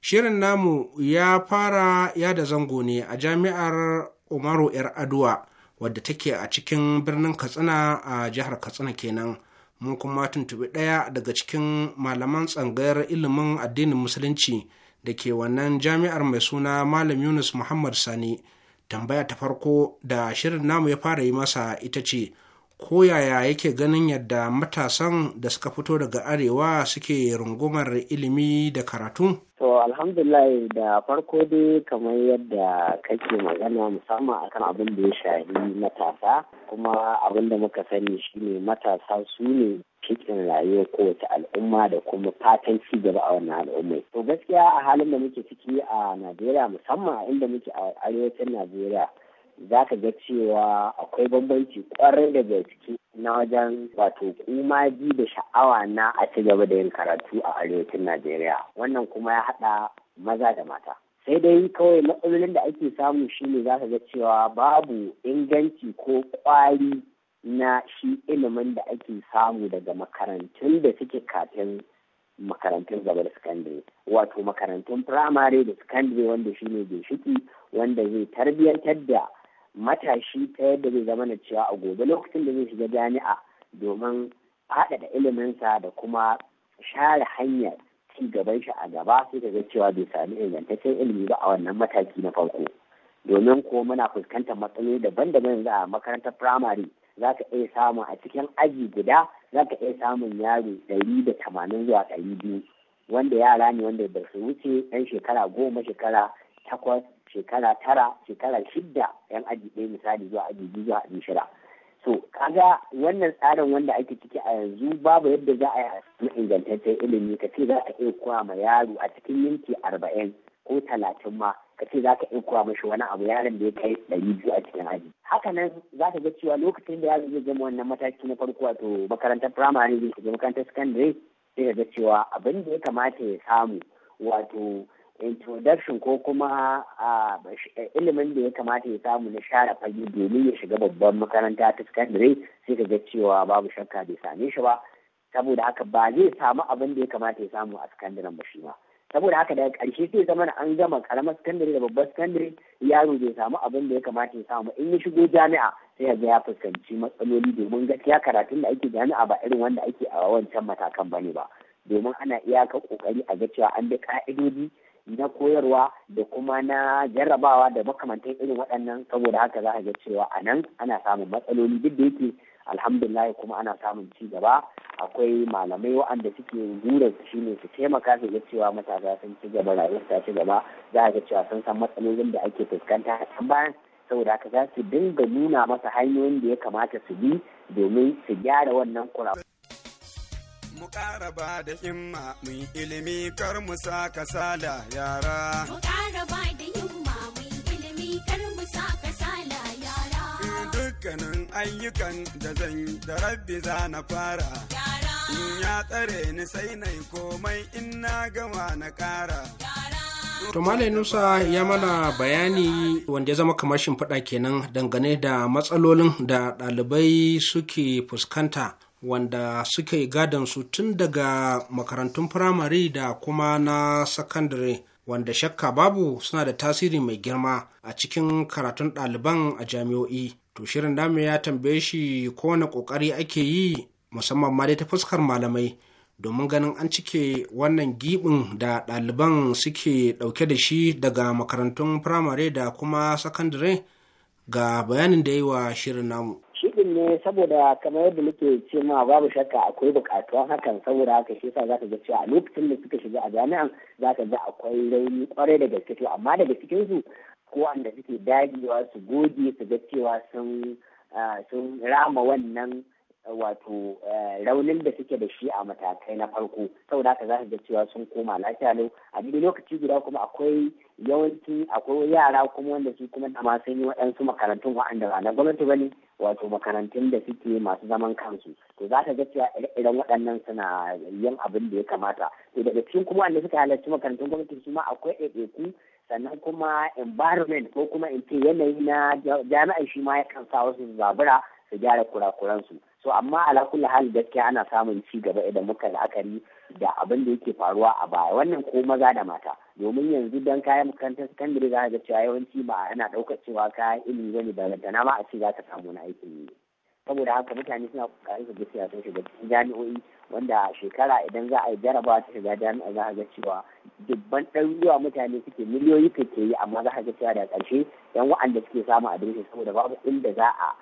shirin namu ya fara yada zango ne a jami'ar umaru yar aduwa wadda take a cikin birnin katsina a jihar katsina kenan mun kuma tuntuɓi ɗaya daga cikin malaman tsangayar ilimin addinin musulunci da ke wannan jami'ar mai suna malam yunus muhammad sani tambaya ta farko da shirin namu ya fara yi masa ita ce ko yaya yake ganin yadda matasan da suka fito daga arewa suke rungumar ilimi da karatu To alhamdulillah da farko dai kamar yadda kake magana musamman akan abin da ya shari matasa kuma abin da muka sani shine matasa su ne cikin rayuwar kowace al'umma da kuma fatan ci gaba a wannan al'ummai. To gaskiya a halin da muke ciki a Najeriya musamman a inda muke a arewacin Najeriya za ka ga cewa akwai bambanci kwarai da gaske na wajen wato kumaji da sha'awa na a ci gaba da yin karatu a arewacin najeriya wannan kuma ya haɗa maza da mata sai dai kawai matsalolin da ake samu shine za ka ga cewa babu inganci ko kwari na shi ilimin da ake samu daga makarantun da suke kafin makarantun gaba da sakandare wato makarantun firamare da sakandare wanda shine ginshiki wanda zai tarbiyyantar da matashi ta yadda zai zama na cewa a gobe lokacin da zai shiga jami'a domin faɗaɗa iliminsa da kuma share hanyar ci gaban shi a gaba sai ka ga cewa bai sami ingantaccen ilimi ba a wannan mataki na farko domin ko muna fuskantar matsaloli daban-daban yanzu a makarantar firamare za ka iya samun a cikin aji guda za ka iya samun yaro ɗari da tamanin zuwa ɗari biyu wanda yara ne wanda ba su wuce ɗan shekara goma shekara takwas shekara tara shekara shidda yan aji ɗaya misali zuwa aji biyu zuwa aji shida So, kaga wannan tsarin wanda ake ciki a yanzu babu yadda za a yi a ingantaccen ilimi ka ce za ka iya koya ma yaro a cikin minti arba'in ko talatin ma ka ce za ka iya koya mashi wani abu yaron da ya kai ɗari biyu a cikin aji hakanan za ka ga cewa lokacin da yaro zai zama wannan mataki na farko wato makarantar firamare zai shiga makarantar sakandare sai ka ga cewa abin da ya kamata ya samu wato introduction ko kuma eh, ilimin da ya kamata ya samu na share fage domin ya shiga babban makaranta ta secondary sai ka ga cewa babu shakka bai same shi ba saboda haka ba zai samu abin da ya kamata ya samu a secondary ba shi ba saboda haka daga karshe sai zama an gama karamar secondary da babban secondary yaro zai samu abin da ya kamata ya samu in ya shigo jami'a sai ga ya fuskanci matsaloli domin gaskiya karatun da ake jami'a ba irin wanda ake a wancan matakan bane ba domin ana iyaka kokari a ga cewa an bi ka'idodi na koyarwa da kuma na jarrabawa da makamantan irin waɗannan saboda haka za a ga cewa a nan ana samun matsaloli duk da yake alhamdulillah kuma ana samun ci gaba akwai malamai waɗanda suke gura su shine su taimaka su ga cewa matasa sun ci gaba rayuwar ta ci gaba za a ga cewa sun san matsalolin da ake fuskanta a bayan saboda haka za su dinga nuna masa hanyoyin da ya kamata su bi domin su gyara wannan kurakurai Mu ƙara ba da himma mu yi ilimi kar mu sa kasala yara. Mu ƙara ba da himma mu yi ilimi kar mu sa kasala yara. Dukkanin ayyukan da zan da rabbi za na fara. Yara. In ya tsare ni sai na yi komai in na gama na ƙara. To Nusa ya mana bayani wanda ya zama kamar shimfiɗa kenan dangane da matsalolin da ɗalibai suke fuskanta wanda suke gadon su tun daga makarantun firamare da kuma na sakandare wanda shakka babu suna da tasiri mai girma a cikin karatun ɗaliban a jami'o'i to shirin namu ya tambaye shi kowane ƙoƙari ake yi musamman ma dai ta fuskar malamai domin ganin an cike wannan giɓin da ɗaliban suke ɗauke da shi daga makarantun firamare da kuma sakandare ga bayanin da yi wa shirin namu shiɗin ne saboda kamar yadda muke ce ma babu shakka akwai bukatuwan hakan saboda haka shi yasa zaka ga cewa a lokacin da suka shiga a jami'an zaka ga akwai rauni kwarai da gaske to amma daga cikin su ko wanda suke dagewa su goge su ga cewa sun sun rama wannan wato raunin da suke da shi a matakai na farko saboda haka za ga cewa sun koma lafiya lau a duk lokaci guda kuma akwai yawanci akwai yara kuma wanda su kuma da sun yi waɗansu makarantun waɗanda ba na gwamnati ba ne wato makarantun da suke masu zaman kansu to za ta ga cewa irin waɗannan suna yin abin da ya kamata to daga cikin kuma wanda suka halarci makarantun gwamnati su ma akwai ɗaiɗaiku sannan kuma environment ko kuma in ce yanayi na jami'ai shi ma yakan sa wasu zabura su gyara kurakuransu so amma ala kulli hal gaskiya ana samun ci gaba idan muka la'akari da abin da yake faruwa a baya wannan ko maza da mata domin yanzu dan kayan makarantar sakandare za ga cewa yawanci ba ana daukar cewa kayan ilimi bane da ma a ce za ta samu na aikin yi saboda haka mutane suna kokarin su gaskiya sun shiga cikin jami'o'i wanda shekara idan za a yi jarabawa ta shiga jami'a za a ga cewa dubban ɗaruruwa mutane suke miliyoyi kake yi amma za a ga cewa da ƙarshe yan wa'anda suke samun adireshi saboda babu inda za a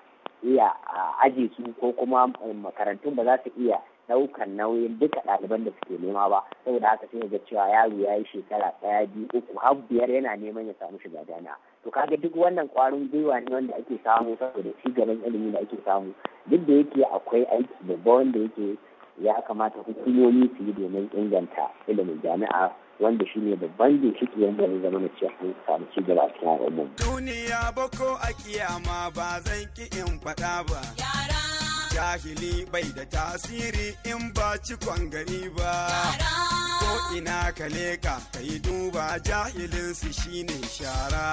iya aje su ko kuma um, makarantun ba za su iya Daukan nauyin duka ɗaliban da suke nema ba saboda haka sai ga cewa yaro ya yi shekara ɗaya biyu uku har biyar yana neman ya samu shiga jami'a to kaga duk wannan kwarin gwiwa ne wanda ake samu saboda cigaban gaban ilimi da ake samu duk da yake akwai aiki babba wanda yake ya kamata hukumomi su yi domin inganta ilimin jami'a wanda shi ne babban ginshiki wanda ya zama na mace da samu ci gaba cikin al'ummar. Duniya bako a kiyama ba zan ki in faɗa ba. jahili bai da tasiri in ba cikon gari ba ko ina ka leka ka yi duba jahilin su shine shara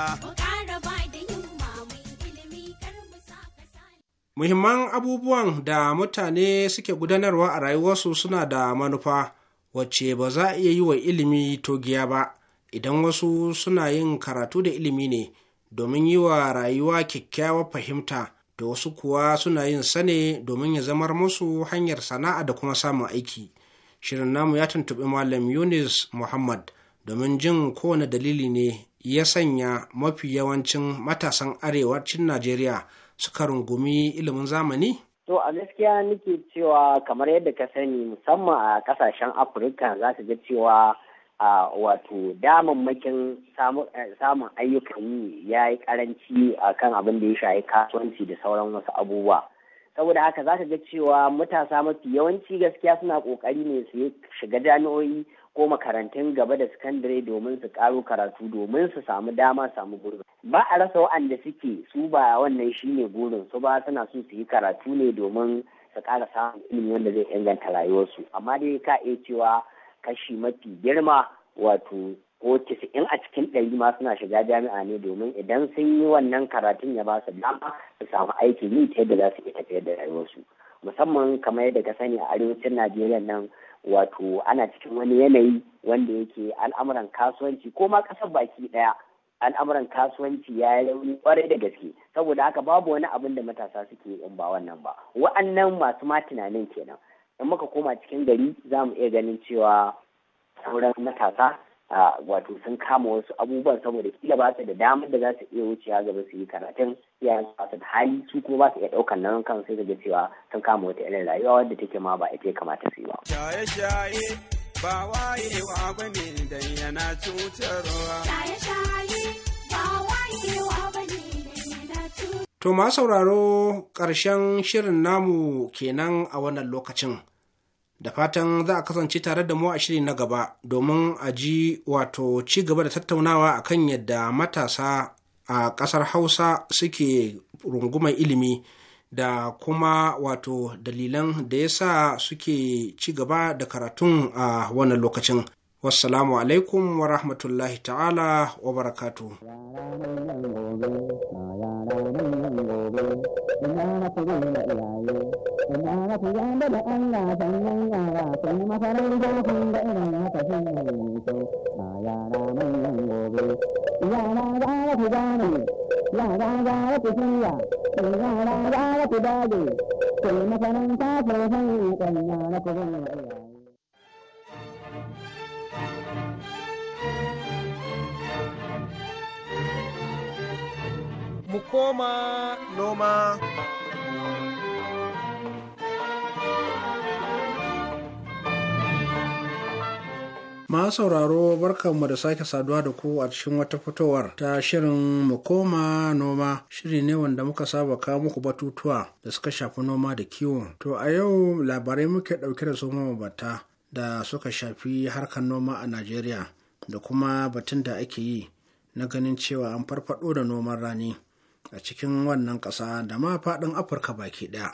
muhimman abubuwan da mutane suke gudanarwa a rayuwarsu suna da manufa wacce ba za a iya yi wa ilimi togiya ba idan wasu suna yin karatu da ilimi ne domin yi wa rayuwa kyakkyawar fahimta da wasu kuwa suna yin sane domin ya zamar musu hanyar sana'a da kuma samun aiki shirin namu ya tuntuɓi malam yunis muhammad domin jin kowane dalili ne ya sanya mafi yawancin matasan arewacin najeriya suka rungumi ilimin zamani to a gaskiya nake cewa kamar yadda ka sani musamman a kasashen afirka za su ga cewa a wato damammakin eh, samun ayyukan yi ya yi karanci a kan abin da ya shafi kasuwanci da sauran wasu abubuwa saboda haka za ka ga cewa matasa mafi yawanci gaskiya suna kokari ne su shiga jami'o'i ko makarantun gaba da sakandare domin su karo karatu domin su samu dama samu gurbi ba a rasa waɗanda suke su ba wannan shine gurin su ba suna so su yi karatu ne domin su ƙara samun ilimi wanda zai inganta rayuwarsu amma dai ka iya cewa kashi mafi girma wato ko in a cikin ɗari ma suna shiga jami'a ne domin idan sun yi wannan karatun ya ba su dama su samu aiki yi ta yadda za su iya tafiyar da rayuwarsu musamman kamar yadda ka sani a arewacin najeriya nan wato ana cikin wani yanayi wanda yake al'amuran kasuwanci ko ma ƙasar baki ɗaya al'amuran kasuwanci ya yi rauni kwarai da gaske saboda haka babu wani abin da matasa suke in ba wannan ba wa'annan masu ma tunanin kenan in muka koma cikin gari za mu iya ganin cewa sauran matasa wato sun kama wasu abubuwan saboda kila ba su da damar da za su iya wucewa gaba su yi karatun ya ba su da hali su kuma ba su iya ɗaukar nan kan sai ga cewa sun kama wata irin rayuwa wadda take ma ba ita ya kamata su yi ba. Shaye-shaye ba wayewa ba ne dan yana cutarwa. Shaye-shaye ba wayewa ba ne To ma sauraro ƙarshen shirin namu kenan a wannan lokacin. da fatan za a kasance tare da mu a shiri na gaba domin a ji wato ci gaba da tattaunawa a kan yadda matasa a ƙasar hausa suke rungumar ilimi da kuma wato dalilan da ya sa suke ci gaba da karatun a wannan lokacin wassalamu alaikum wa rahmatullahi ta'ala wa barakatu na thì ăn đất đất ăn là thành nhân ya là mình nhân ya là ya ra ra là ya thì ya là ra là thì ra gì ta phải sinh thành ya là phải sinh ya Mu koma noma. Ma sauraro barkanmu da sake saduwa da ku a cikin wata fitowar ta shirin mu koma noma shiri ne wanda muka saba kawo muku batutuwa da suka shafi noma da kiwo. To a yau labarai muke ɗauke da su mabata da suka shafi harkar noma a Najeriya da kuma batun da ake yi na ganin cewa an farfado da noman rani a cikin wannan ƙasa da ma faɗin Afirka baki ɗaya.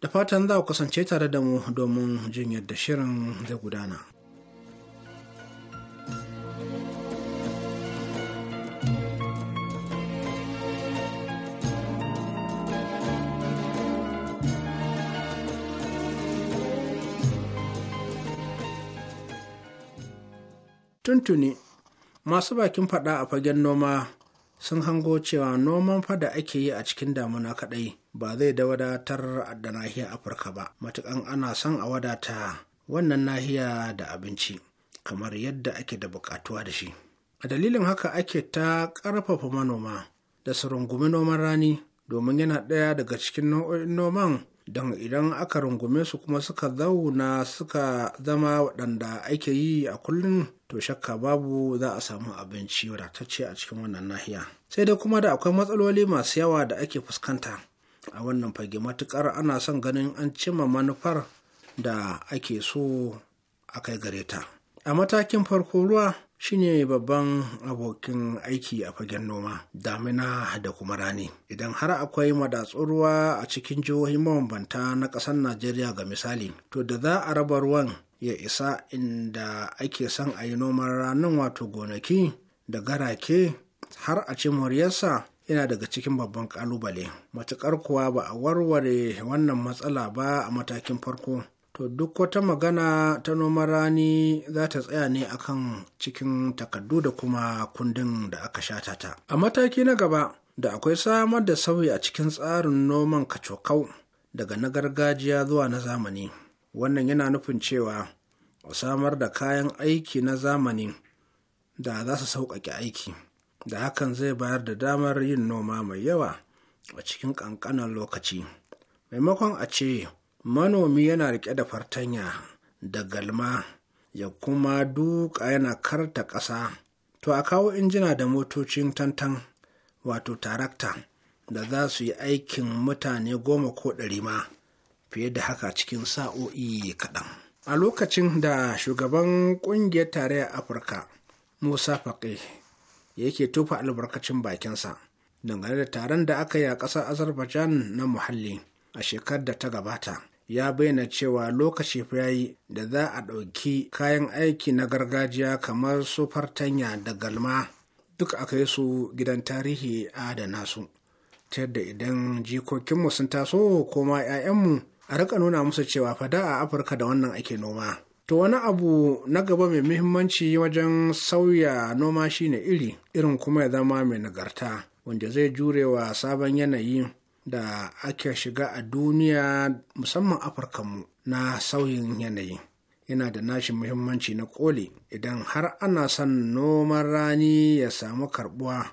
da fatan za ku kasance tare da mu domin jin yadda shirin zai gudana. Tuntuni masu bakin fada a fagen noma sun hango cewa noman fada ake yi a cikin damuna kaɗai. ba zai da wadatar da nahiyar afirka ba matukan ana son a wadata wannan nahiya da abinci kamar yadda ake da bukatuwa da shi a dalilin haka ake ta karfafa manoma da su rungumi noman rani domin yana ɗaya daga cikin nau'o'in noman don idan aka rungume su kuma suka zauna suka zama waɗanda ake yi a kullum to shakka babu za a samu abinci wadatacce a cikin wannan nahiya sai dai kuma da akwai matsaloli masu yawa da ake fuskanta a wannan fage matukar ana son ganin an cimma manufar da ake so a kai gare ta a matakin farko ruwa shine babban abokin aiki a fagen noma damina da kuma rani idan har akwai madatsun ruwa a cikin jihohi mabambanta na ƙasar najeriya ga misali to da za a raba ruwan ya isa inda ake son a yi noman ranin wato gonaki da garake har a ci muryarsa yana daga cikin babban kalubale matuƙar kuwa ba a warware wannan matsala ba a matakin farko to duk wata magana ta noman rani za ta tsaya ne akan cikin takardu da kuma kundin da aka shata ta a mataki na gaba da akwai samar da sauyi a cikin tsarin noman kacokau daga na gargajiya zuwa na zamani wannan yana nufin cewa a samar da kayan aiki na zamani da za su sauƙaƙe aiki da hakan zai bayar da damar yin noma mai yawa a cikin ƙanƙanan lokaci maimakon a ce manomi yana riƙe da fartanya da galma ya kuma duka yana karta ƙasa to a kawo injina da motocin tantan wato tarakta da za su yi aikin mutane goma ko ɗari ma fiye da haka cikin sa'o'i kaɗan a lokacin da shugaban ƙungiyar tarayyar afirka musa faƙi yake tofa albarkacin bakinsa dangane da taron da aka yi a ƙasar azerbaijan na muhalli a shekarar da ta gabata ya bayyana cewa lokaci ya yi da za a ɗauki kayan aiki na gargajiya kamar su fartanya da galma duk a kai su gidan tarihi adana su ta yadda idan jikokinmu sun taso ko 'ya'yanmu a rika nuna musu cewa fada a afirka da wannan ake noma To wani abu na gaba mai muhimmanci wajen sauya noma shine iri, irin kuma ya zama mai nagarta, wanda zai jurewa sabon yanayi da ake shiga a duniya musamman mu, na sauyin yanayi. Yana da nashi muhimmanci na koli idan har ana son noman rani ya samu karbuwa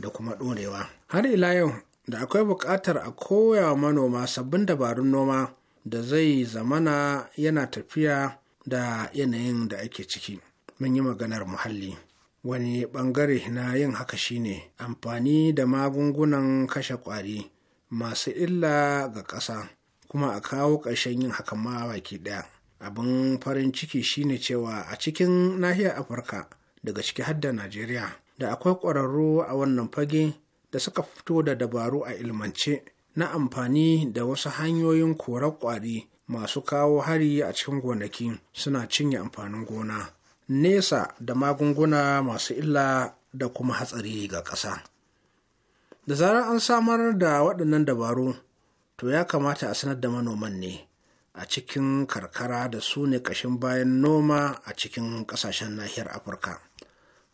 da kuma ɗorewa. Har ila yau da akwai buƙatar a koya manoma sabbin dabarun noma da zai zamana yana tafiya da yanayin da ake ciki mun yi maganar muhalli wani bangare na yin haka shine amfani da magungunan kashe kwari masu illa ga ƙasa kuma a kawo ƙarshen yin haka ma baki ɗaya abin farin ciki shine cewa a cikin nahiyar afirka daga ciki hadda najeriya da akwai ƙwararru a wannan fage da suka fito da dabaru a ilmance na amfani da wasu hanyoyin korar kwari masu kawo hari a cikin gonaki suna cinye amfanin gona nesa da magunguna masu illa da kuma hatsari ga ƙasa da zarar an samar da waɗannan dabaru to ya kamata a sanar da manoman ne a cikin karkara da su ne ƙashin bayan noma a cikin ƙasashen nahiyar afirka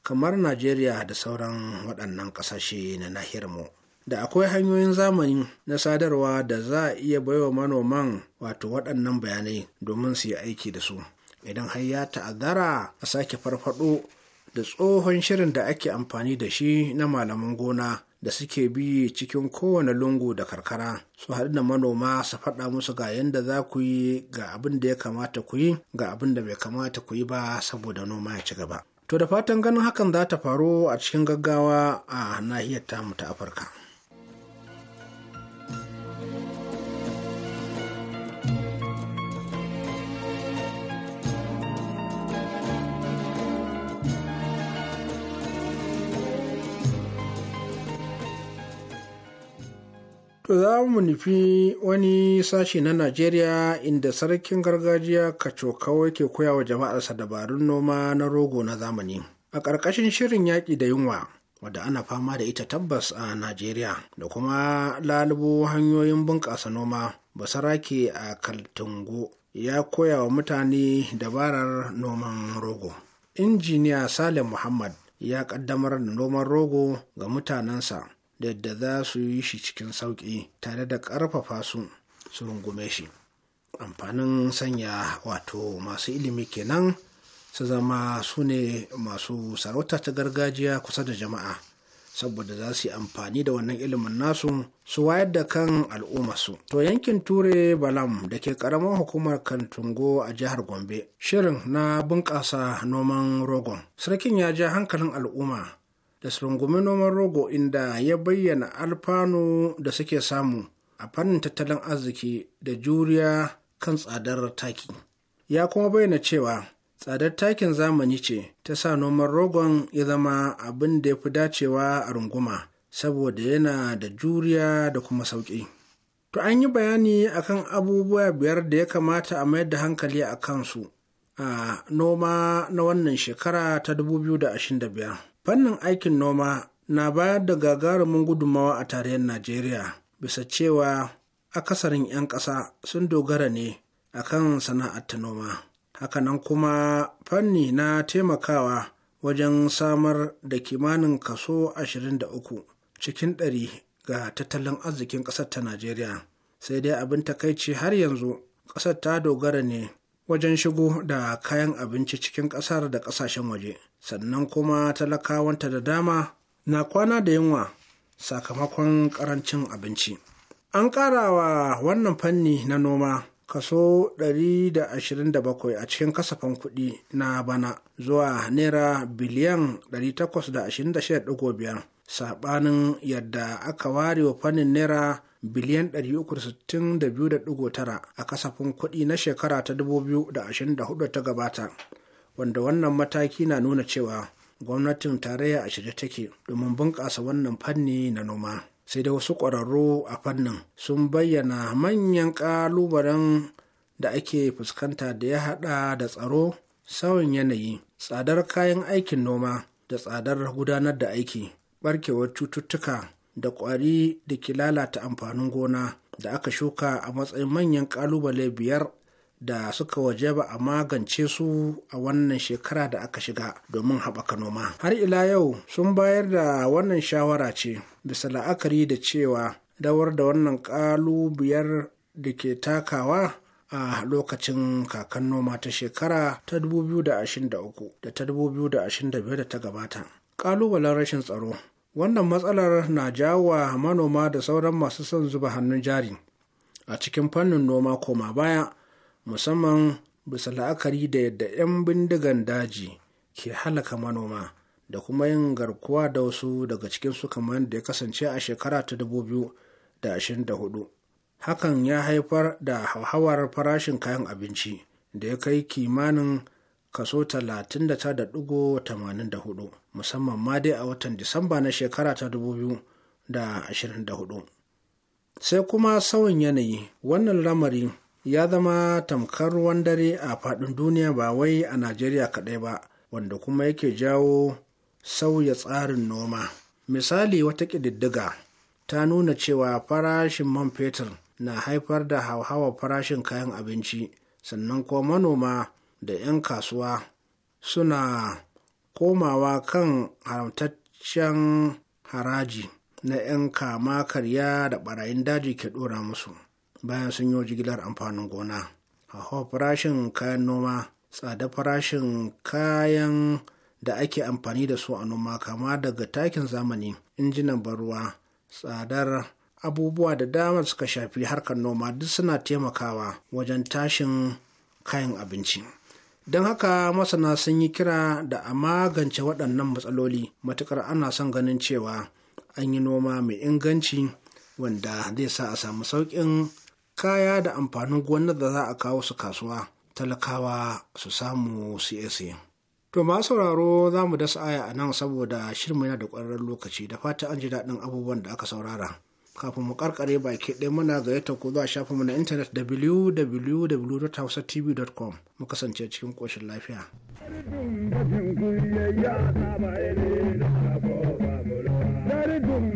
kamar najeriya da sauran waɗannan ƙasashe na nahiyar mu da akwai hanyoyin zamani na sadarwa da za a iya baiwa manoman wato waɗannan bayanai domin su yi aiki da su idan har ya ta'azzara a sake farfado da tsohon shirin da ake amfani da shi na malaman gona da suke bi cikin kowane lungu da karkara su haɗu da manoma su faɗa musu ga yadda za ku yi ga abin da ya kamata ku yi ga abin da bai kamata ku yi ba saboda noma ya ci gaba to da fatan ganin hakan za ta faru a cikin gaggawa a nahiyar tamu ta afirka To za mu nufi wani sashi na Najeriya inda sarkin gargajiya kacokawai ke koya wa jama'arsa dabarun noma na rogo na zamani. A ƙarƙashin shirin yaƙi da yunwa, wadda ana fama da ita tabbas a Najeriya, da kuma lalubo hanyoyin bunƙasa noma, basarake a Kaltungo ya koya wa mutane dabarar noman rogo. Injiniya Salim Muhammad ya ƙaddamar da noman rogo ga mutanensa da yadda za su yi shi cikin sauƙi tare da ƙarfafa su su rungume shi amfanin sanya wato masu ilimi kenan su zama su ne masu sarauta ta gargajiya kusa da jama'a saboda za su yi amfani da wannan ilimin nasu su wayar da kan su. To yankin Ture Balam da ke karamar hukumar Kantungo a jihar Gombe, shirin na bunƙasa noman rogon. Sarkin ya ja hankalin al'umma da su rungumi noman rogo inda ya bayyana alfanu da suke samu a fannin tattalin arziki da juriya kan tsadar taki ya kuma bayyana cewa tsadar takin zamani ce ta sa noman rogon ya zama abin da ya fi dacewa a runguma saboda yana da juriya da kuma sauƙi. To an yi bayani akan abubuwa biyar da ya kamata a mayar da hankali a kansu a noma na wannan shekara ta 2025. fannin aikin noma na bayar da gagarumin gudummawa a tarayyar najeriya bisa cewa akasarin 'yan ƙasa sun dogara ne a kan sana'ar ta noma hakanan kuma fanni na taimakawa wajen samar da kimanin kaso 23 cikin ɗari ga tattalin arzikin ƙasar ta najeriya sai dai abin takaici har yanzu ƙasar ta dogara ne wajen shigo da kayan abinci cikin ƙasar da ƙasashen waje sannan kuma talakawanta da dama na kwana da yunwa sakamakon ƙarancin abinci an ƙara wannan fanni na noma kaso 127 a cikin kasafin kuɗi na bana zuwa naira biliyan 826.5 saɓanin yadda aka ware wa fannin naira biliyan 362.9 a kasafin kuɗi na shekara ta 2024 ta gabata wanda wannan mataki na nuna cewa gwamnatin tarayya a shirye take domin bunƙasa wannan fanni na noma sai da wasu ƙwararru a fannin sun bayyana manyan ƙalubalen da ake fuskanta da ya haɗa da tsaro sauyin yanayi tsadar kayan aikin noma da tsadar gudanar da aiki barkewar cututtuka da ƙwari da ke lalata amfanin gona da aka shuka a matsayin manyan ƙalubale biyar da suka waje ba a magance su a wannan shekara da aka shiga domin haɓaka noma. Har ila yau sun bayar da wannan shawara ce bisa la'akari da cewa dawar da wannan ƙalubiyar da ke takawa a lokacin kakan noma ta shekara ta 2023 da ta 2025 da ta gabata. Ƙalubalen rashin tsaro wannan matsalar na jawa manoma da sauran masu son zuba hannun jari a cikin fannin noma koma baya musamman bisa la'akari da yadda 'yan bindigan daji ke halaka manoma da kuma yin garkuwa da wasu daga cikinsu kamar da ya kasance a shekara ta da da ashirin hudu. hakan ya haifar da hauhawar farashin kayan abinci da ya kai kimanin kaso 39.84 musamman ma dai a watan disamba na shekara ta 2024 sai kuma sauyin yanayi wannan lamari ya zama tamkar ruwan dare a faɗin duniya ba wai a najeriya kaɗai ba wanda kuma yake jawo sauya tsarin noma misali wata ƙididdiga ta nuna cewa farashin man fetur na haifar da hauhawar farashin kayan abinci sannan kuma manoma da 'yan kasuwa suna komawa kan haramtaccen haraji na 'yan kama karya da barayin daji ke dora musu bayan sun yi jigilar amfanin gona a farashin kayan noma tsada farashin kayan da ake amfani da su a noma kama daga takin zamani injinan barwa, tsadar abubuwa da dama suka shafi harkar noma duk suna taimakawa wajen tashin kayan abinci. don haka masana sun yi kira da a magance waɗannan matsaloli matukar ana son ganin cewa an yi noma mai inganci wanda zai sa a samu sauƙin kaya da amfanin gonar da za a kawo su kasuwa talakawa su samu csa To ma sauraro za mu dasa aya a nan saboda shirma yana da ƙwararren lokaci da fata an ji daɗin abubuwan da aka saurara. kafin mu karkare baki ɗaya muna gayyata ku zuwa shafinmu na intanet www.hausatv.com mu kasance cikin koshin lafiya. Dari